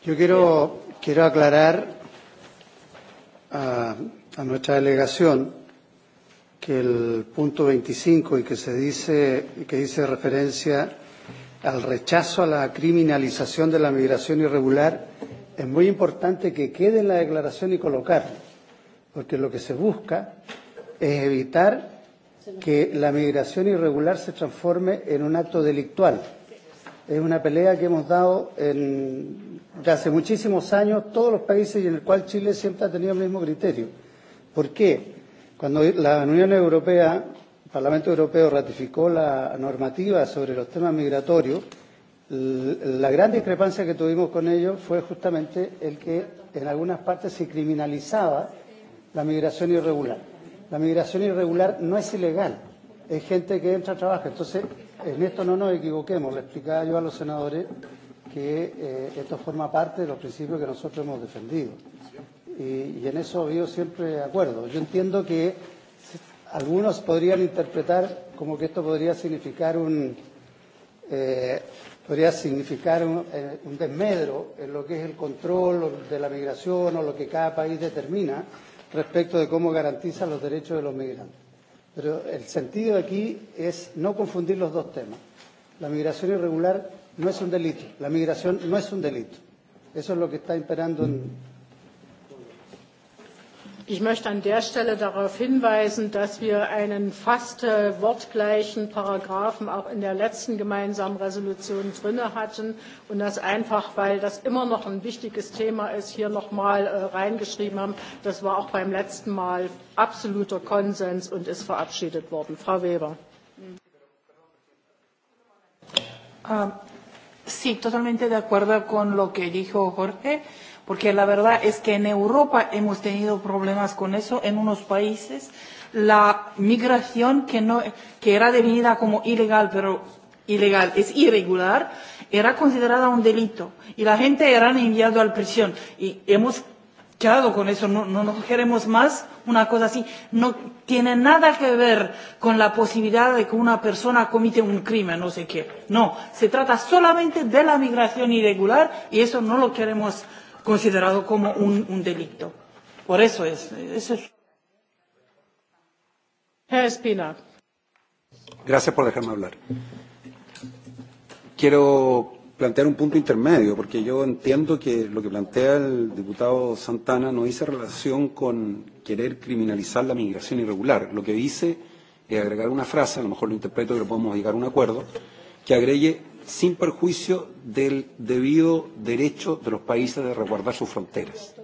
[SPEAKER 12] Yo quiero, quiero aclarar a, a nuestra delegación que el punto 25 y que se dice que dice referencia al rechazo a la criminalización de la migración irregular es muy importante que quede en la declaración y colocarlo porque lo que se busca es evitar que la migración irregular se transforme en un acto delictual. Uh es una pelea que hemos dado en, de hace muchísimos años todos los países y en el cual Chile siempre ha tenido el mismo criterio. ¿Por qué? Cuando la Unión Europea, el Parlamento Europeo ratificó la normativa sobre los temas migratorios, la gran discrepancia que tuvimos con ellos fue justamente el que en algunas partes se criminalizaba la migración irregular. La migración irregular no es ilegal, es gente que entra a trabajar. Entonces, En esto no nos equivoquemos. Le explicaba yo a los senadores que eh, esto forma parte de los principios que nosotros hemos defendido. Y, y en eso ha habido siempre acuerdo. Yo entiendo que algunos podrían interpretar como que esto podría significar un, eh, podría significar un, eh, un desmedro en lo que es el control de la migración o lo que cada país determina respecto de cómo garantiza los derechos de los migrantes. Pero el sentido aquí es no confundir los dos temas. La migración irregular no es un delito. La migración no es un delito. Eso es lo que está imperando en,
[SPEAKER 1] Ich möchte an der Stelle darauf hinweisen, dass wir einen fast äh, wortgleichen Paragraphen auch in der letzten gemeinsamen Resolution drin hatten und das einfach, weil das immer noch ein wichtiges Thema ist, hier nochmal äh, reingeschrieben haben. Das war auch beim letzten Mal absoluter Konsens und ist verabschiedet worden. Frau Weber. Ah,
[SPEAKER 2] sí, totalmente de acuerdo con lo que dijo Jorge porque la verdad es que en Europa hemos tenido problemas con eso, en unos países la migración que, no, que era definida como ilegal, pero ilegal es irregular, era considerada un delito y la gente era enviada a la prisión y hemos quedado con eso, no, no nos queremos más una cosa así, no tiene nada que ver con la posibilidad de que una persona comite un crimen, no sé qué, no, se trata solamente de la migración irregular y eso no lo queremos considerado como un, un
[SPEAKER 1] delito. Por eso es. es el... Herr Espina.
[SPEAKER 13] Gracias por dejarme hablar. Quiero plantear un punto intermedio, porque yo entiendo que lo que plantea el diputado Santana no dice relación con querer criminalizar la migración irregular. Lo que dice es agregar una frase, a lo mejor lo interpreto y lo podemos llegar a un acuerdo, que agregue sin perjuicio del debido derecho de los países de resguardar sus fronteras.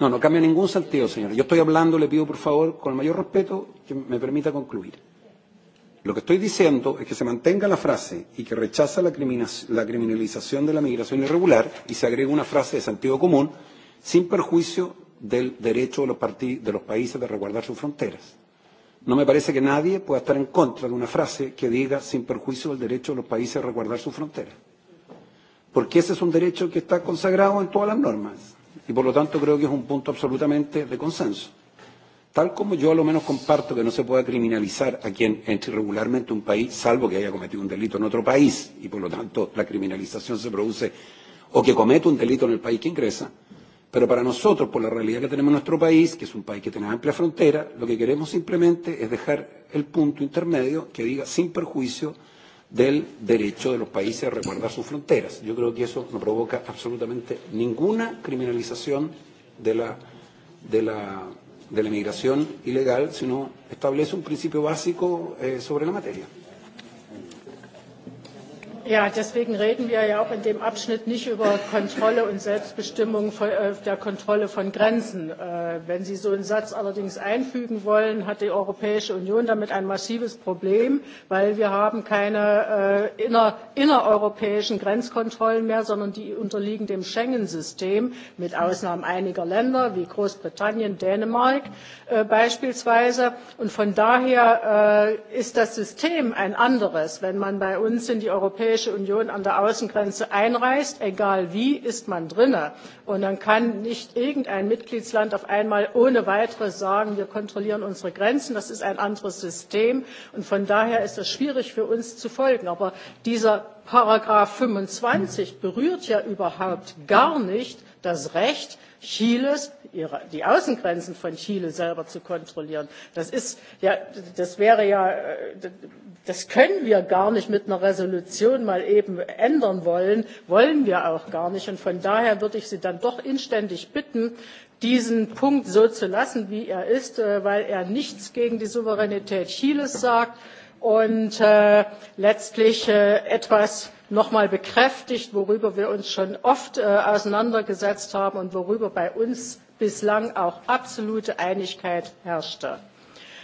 [SPEAKER 13] No, no cambia ningún sentido, señor. Yo estoy hablando, le pido por favor, con el mayor respeto, que me permita concluir. Lo que estoy diciendo es que se mantenga la frase y que rechaza la, la criminalización de la migración irregular y se agregue una frase de sentido común sin perjuicio del derecho de los, de los países de resguardar sus fronteras. No me parece que nadie pueda estar en contra de una frase que diga sin perjuicio del derecho de los países a resguardar sus fronteras. Porque ese es un derecho que está consagrado en todas las normas. Y por lo tanto creo que es un punto absolutamente de consenso. Tal como yo a lo menos comparto que no se pueda criminalizar a quien entre irregularmente un país, salvo que haya cometido un delito en otro país, y por lo tanto la criminalización se produce, o que cometa un delito en el país que ingresa, Pero para nosotros, por la realidad que tenemos en nuestro país, que es un país que tiene amplia frontera, lo que queremos simplemente es dejar el punto intermedio que diga sin perjuicio del derecho de los países a resguardar sus fronteras. Yo creo que eso no provoca absolutamente ninguna criminalización de la, de la, de la inmigración ilegal, sino establece un principio básico eh, sobre la materia.
[SPEAKER 1] Ja, deswegen reden wir ja auch in dem Abschnitt nicht über Kontrolle und Selbstbestimmung von, äh, der Kontrolle von Grenzen. Äh, wenn Sie so einen Satz allerdings einfügen wollen, hat die Europäische Union damit ein massives Problem, weil wir haben keine äh, inner, innereuropäischen Grenzkontrollen mehr, sondern die unterliegen dem Schengen-System, mit Ausnahmen einiger Länder wie Großbritannien, Dänemark äh, beispielsweise. Und von daher äh, ist das System ein anderes, wenn man bei uns in die Europäische europäische union an der außengrenze einreist egal wie ist man drinnen und dann kann nicht irgendein mitgliedsland auf einmal ohne weiteres sagen wir kontrollieren unsere grenzen das ist ein anderes system und von daher ist es schwierig für uns zu folgen. aber dieser paragraph fünfundzwanzig berührt ja überhaupt gar nicht das recht Chiles, ihre, die Außengrenzen von Chile selber zu kontrollieren. Das, ist, ja, das wäre ja, äh, das können wir gar nicht mit einer Resolution mal eben ändern wollen, wollen wir auch gar nicht. Und von daher würde ich Sie dann doch inständig bitten, diesen Punkt so zu lassen, wie er ist, äh, weil er nichts gegen die Souveränität Chiles sagt und äh, letztlich äh, etwas noch mal bekräftigt worüber wir uns schon oft äh, auseinandergesetzt haben und worüber bei uns bislang auch absolute einigkeit herrschte.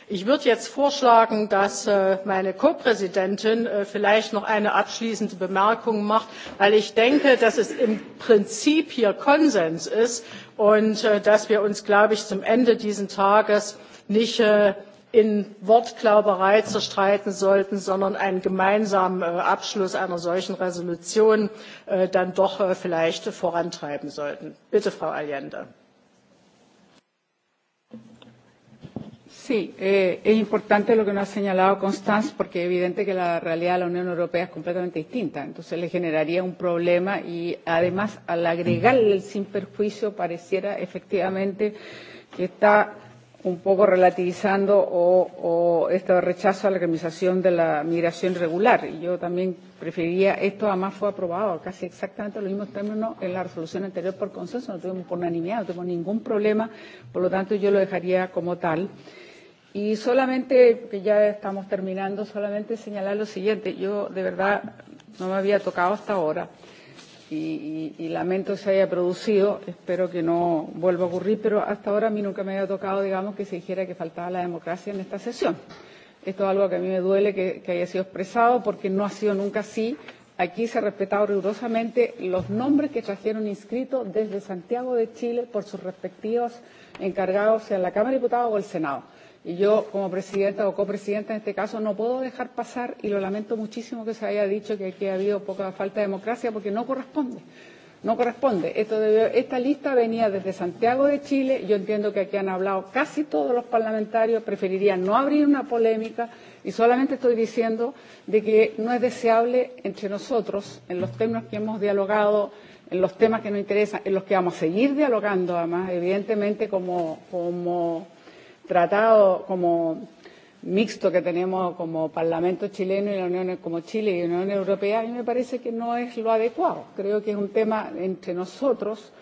[SPEAKER 1] ich würde jetzt vorschlagen dass äh, meine ko präsidentin äh, vielleicht noch eine abschließende bemerkung macht weil ich denke dass es im prinzip hier konsens ist und dass wir uns glaube ich zum ende dieses tages nicht in wortklauberei zerstreiten sollten sondern einen gemeinsamen äh, abschluss einer solchen entschließung äh, dann doch äh, vielleicht vorantreiben sollten. bitte frau allende!
[SPEAKER 2] Sí, eh, es importante lo que nos ha señalado Constance porque es evidente que la realidad de la Unión Europea es completamente distinta. Entonces le generaría un problema y además al agregarle el sin perjuicio pareciera efectivamente que está un poco relativizando o, o este rechazo a la organización de la migración regular. Yo también preferiría, esto además fue aprobado casi exactamente los mismos términos en la resolución anterior por consenso, no tuvimos por unanimidad, no tuvimos ningún problema, por lo tanto yo lo dejaría como tal. Y solamente, que ya estamos terminando, solamente señalar lo siguiente, yo de verdad no me había tocado hasta ahora y, y, y lamento se haya producido, espero que no vuelva a ocurrir, pero hasta ahora a mí nunca me había tocado, digamos, que se dijera que faltaba la democracia en esta sesión. Esto es algo que a mí me duele que, que haya sido expresado porque no ha sido nunca así. Aquí se ha respetado rigurosamente los nombres que trajeron inscritos desde Santiago de Chile por sus respectivos encargados, sea en la Cámara de Diputados o el Senado yo, como presidenta o copresidenta en este caso, no puedo dejar pasar, y lo lamento muchísimo que se haya dicho que aquí ha habido poca falta de democracia, porque no corresponde. No corresponde. Esto debió, esta lista venía desde Santiago de Chile. Yo entiendo que aquí han hablado casi todos los parlamentarios. Preferiría no abrir una polémica y solamente estoy diciendo de que no es deseable entre nosotros, en los términos que hemos dialogado, en los temas que nos interesan, en los que vamos a seguir dialogando, además, evidentemente, como. como tratado como mixto que tenemos como Parlamento chileno y la Unión como Chile y la Unión Europea, a mí me parece que no es lo adecuado. Creo que es un tema entre nosotros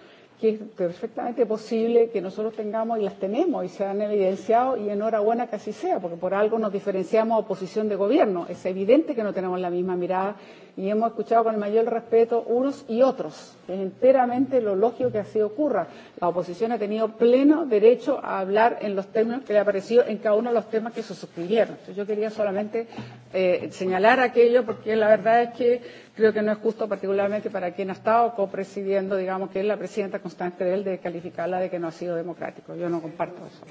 [SPEAKER 2] que es perfectamente posible que nosotros tengamos y las tenemos y se han evidenciado y enhorabuena que así sea, porque por algo nos diferenciamos a oposición de gobierno. Es evidente que no tenemos la misma mirada y hemos escuchado con el mayor respeto unos y otros. Es enteramente lo lógico que así ocurra. La oposición ha tenido pleno derecho a hablar en los términos que le ha parecido en cada uno de los temas que se suscribieron. Entonces yo quería solamente eh, señalar aquello porque la verdad es que creo que no es justo particularmente para quien ha estado copresidiendo, digamos que es la presidenta constante de él, de calificarla de que no ha sido
[SPEAKER 1] democrático. Yo no comparto eso.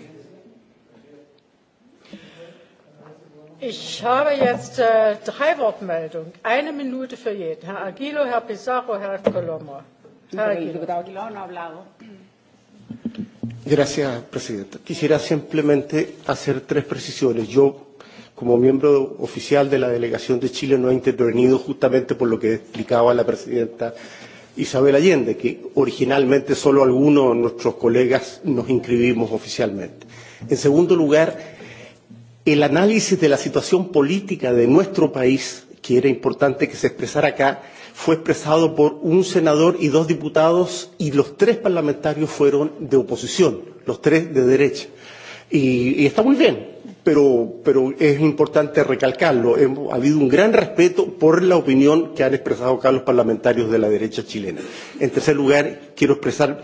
[SPEAKER 1] Ich habe jetzt äh, drei Wortmeldungen, eine Minute für jeden. Herr Aguilo, Herr Pizarro, Herr Colomo. Herr Aguilo. No
[SPEAKER 14] Gracias, presidente. Quisiera simplemente hacer tres precisiones. Yo como miembro oficial de la delegación de Chile no ha intervenido justamente por lo que explicaba la presidenta Isabel Allende, que originalmente solo algunos de nuestros colegas nos inscribimos oficialmente. En segundo lugar, el análisis de la situación política de nuestro país, que era importante que se expresara acá, fue expresado por un senador y dos diputados y los tres parlamentarios fueron de oposición, los tres de derecha. Y, y está muy bien, pero, pero es importante recalcarlo, ha habido un gran respeto por la opinión que han expresado acá los parlamentarios de la derecha chilena. En tercer lugar, quiero expresar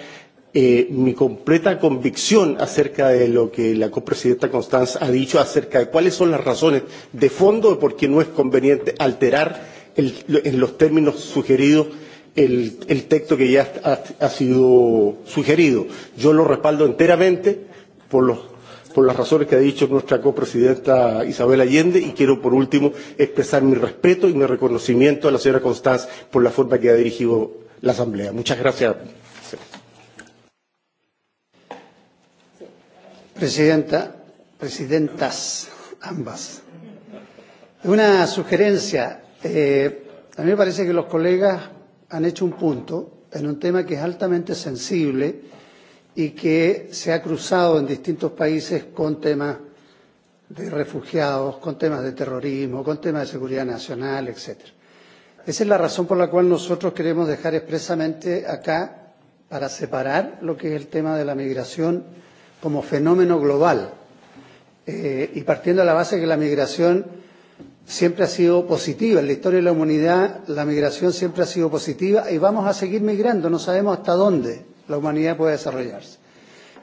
[SPEAKER 14] eh, mi completa convicción acerca de lo que la copresidenta Constanza ha dicho acerca de cuáles son las razones de fondo de por qué no es conveniente alterar el, en los términos sugeridos el, el texto que ya ha, ha sido sugerido. Yo lo respaldo enteramente por los por las razones que ha dicho nuestra copresidenta Isabel Allende y quiero por último expresar mi respeto y mi reconocimiento a la señora Constanz por la forma que ha dirigido la Asamblea. Muchas gracias.
[SPEAKER 12] Presidenta, presidentas, ambas. Una sugerencia. Eh, a mí me parece que los colegas han hecho un punto en un tema que es altamente sensible y que se ha cruzado en distintos países con temas de refugiados, con temas de terrorismo, con temas de seguridad nacional, etcétera. Esa es la razón por la cual nosotros queremos dejar expresamente acá para separar lo que es el tema de la migración como fenómeno global eh, y partiendo de la base de que la migración siempre ha sido positiva en la historia de la humanidad, la migración siempre ha sido positiva y vamos a seguir migrando, no sabemos hasta dónde la humanidad pueda desarrollarse.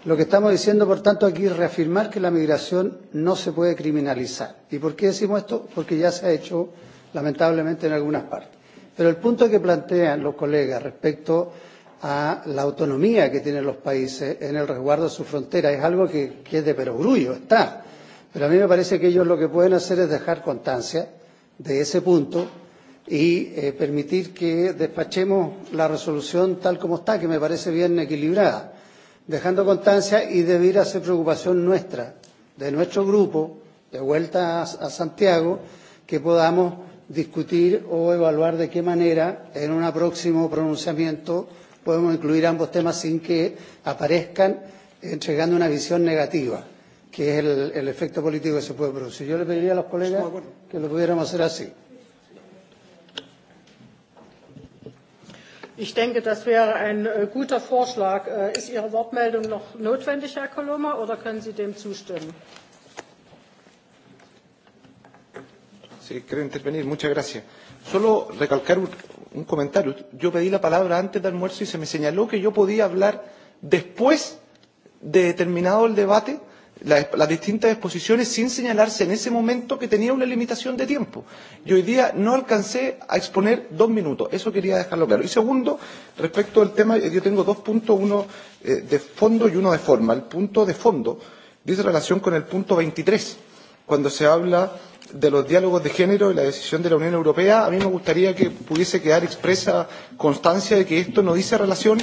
[SPEAKER 12] Lo que estamos diciendo, por tanto, aquí es reafirmar que la migración no se puede criminalizar. ¿Y por qué decimos esto? Porque ya se ha hecho, lamentablemente, en algunas partes. Pero el punto que plantean los colegas respecto a la autonomía que tienen los países en el resguardo de su frontera es algo que, que es de perogrullo, está. Pero a mí me parece que ellos lo que pueden hacer es dejar constancia de ese punto y eh, permitir que despachemos la resolución tal como está, que me parece bien equilibrada, dejando constancia y debiera ser preocupación nuestra, de nuestro grupo, de vuelta a, a Santiago, que podamos discutir o evaluar de qué manera en un próximo pronunciamiento podemos incluir ambos temas sin que aparezcan entregando una visión negativa, que es el, el efecto político que se puede producir. Yo le pediría a los colegas que lo pudiéramos hacer así.
[SPEAKER 1] Ich denke, das wäre ein äh, guter Vorschlag. Äh, ist Ihre Wortmeldung noch notwendig, Herr Koloma, oder können Sie dem zustimmen?
[SPEAKER 10] Sí, quiero intervenir. Muchas gracias. Solo recalcar un, un comentario. Yo pedí la palabra antes del almuerzo y se me señaló que yo podía hablar después de terminado el debate las la distintas exposiciones sin señalarse en ese momento que tenía una limitación de tiempo. Y hoy día no alcancé a exponer dos minutos. Eso quería dejarlo claro. Y segundo, respecto al tema, yo tengo dos puntos, uno eh, de fondo y uno de forma. El punto de fondo dice relación con el punto 23, cuando se habla de los diálogos de género y la decisión de la Unión Europea. A mí me gustaría que pudiese quedar expresa constancia de que esto no dice relación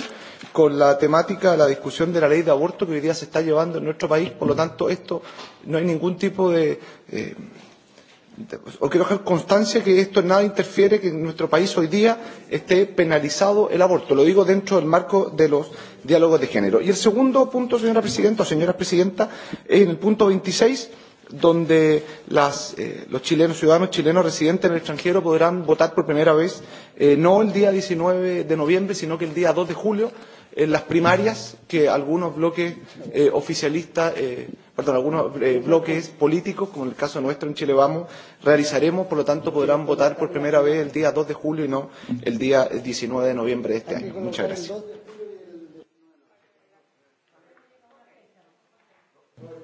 [SPEAKER 10] con la temática, la discusión de la ley de aborto que hoy día se está llevando en nuestro país. Por lo tanto, esto no hay ningún tipo de. Eh, de o quiero no dejar constancia que esto nada interfiere que en nuestro país hoy día esté penalizado el aborto. Lo digo dentro del marco de los diálogos de género. Y el segundo punto, señora presidenta o señora presidenta, en el punto 26 donde las, eh, los chilenos, ciudadanos chilenos residentes en el extranjero podrán votar por primera vez, eh, no el día 19 de noviembre, sino que el día 2 de julio, en las primarias que algunos bloques eh, oficialistas, eh, perdón, algunos eh, bloques políticos, como en el caso nuestro en Chile Vamos, realizaremos, por lo tanto podrán votar por primera vez el día 2 de julio y no el día 19 de noviembre de este año. Muchas gracias.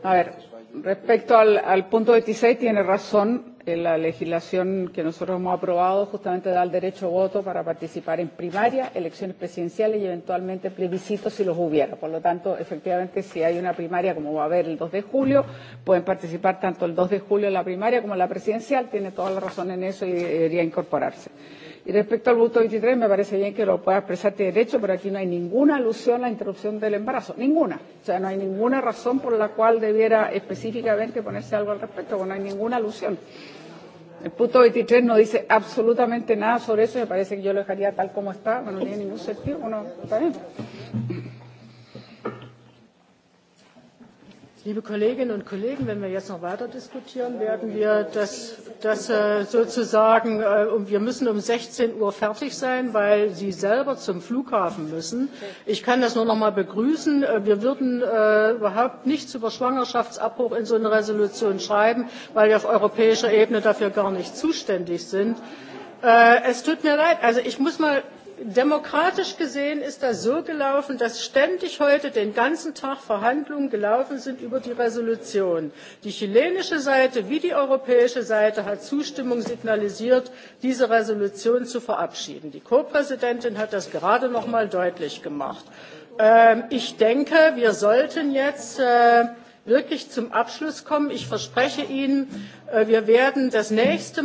[SPEAKER 2] A ver, Respecto al, al punto 26, tiene razón. Eh, la legislación que nosotros hemos aprobado justamente da el derecho a voto para participar en primaria, elecciones presidenciales y eventualmente plebiscitos si los hubiera. Por lo tanto, efectivamente, si hay una primaria como va a haber el 2 de julio, pueden participar tanto el 2 de julio en la primaria como en la presidencial. Tiene toda la razón en eso y debería incorporarse. Y respecto al punto 23, me parece bien que lo pueda expresarte derecho, pero aquí no hay ninguna alusión a la interrupción del embarazo. Ninguna. O sea, no hay ninguna razón por la cual debiera específicamente ponerse algo al respecto, porque no hay ninguna alusión. El punto 23 no dice absolutamente nada sobre eso, me parece que yo lo dejaría tal
[SPEAKER 1] como está, no tiene ningún sentido, bueno, está bien. liebe kolleginnen und kollegen wenn wir jetzt noch weiter diskutieren werden wir das äh, sozusagen äh, um, wir müssen um sechzehn uhr fertig sein weil sie selber zum flughafen müssen. ich kann das nur noch einmal begrüßen. Äh, wir würden überhaupt nichts über schwangerschaftsabbruch in so eine entschließung schreiben weil wir auf europäischer ebene dafür gar nicht zuständig sind. es tut mir leid also ich muss demokratisch gesehen ist das so gelaufen dass ständig heute den ganzen tag verhandlungen gelaufen sind über die entschließung. die chilenische seite wie die europäische seite hat zustimmung signalisiert diese entschließung zu verabschieden. die ko präsidentin hat das gerade noch einmal deutlich gemacht. Ähm, ich denke wir sollten jetzt äh, wirklich zum abschluss kommen. ich verspreche ihnen äh, wir werden das nächste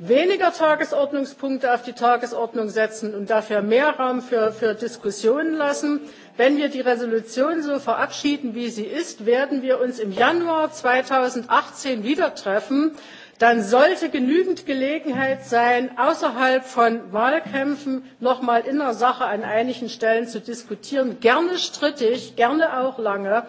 [SPEAKER 1] weniger Tagesordnungspunkte auf die Tagesordnung setzen und dafür mehr Raum für, für Diskussionen lassen. Wenn wir die Resolution so verabschieden, wie sie ist, werden wir uns im Januar 2018 wieder treffen dann sollte genügend Gelegenheit sein, außerhalb von Wahlkämpfen noch mal in der Sache an einigen Stellen zu diskutieren, gerne strittig, gerne auch lange.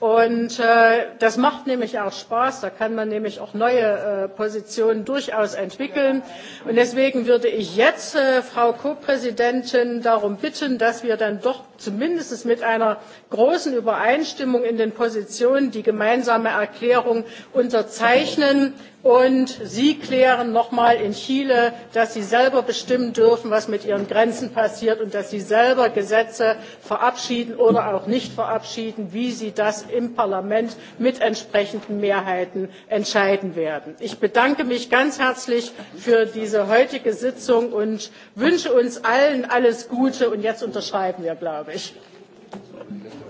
[SPEAKER 1] Und äh, das macht nämlich auch Spaß, da kann man nämlich auch neue äh, Positionen durchaus entwickeln. Und deswegen würde ich jetzt äh, Frau Co-Präsidentin darum bitten, dass wir dann doch zumindest mit einer großen Übereinstimmung in den Positionen die gemeinsame Erklärung unterzeichnen. Okay und sie klären nochmal in Chile, dass sie selber bestimmen dürfen, was mit ihren Grenzen passiert und dass sie selber Gesetze verabschieden oder auch nicht verabschieden, wie sie das im Parlament mit entsprechenden Mehrheiten entscheiden werden. Ich bedanke mich ganz herzlich für diese heutige Sitzung und wünsche uns allen alles Gute. Und jetzt unterschreiben wir, glaube ich.
[SPEAKER 8] Sorry,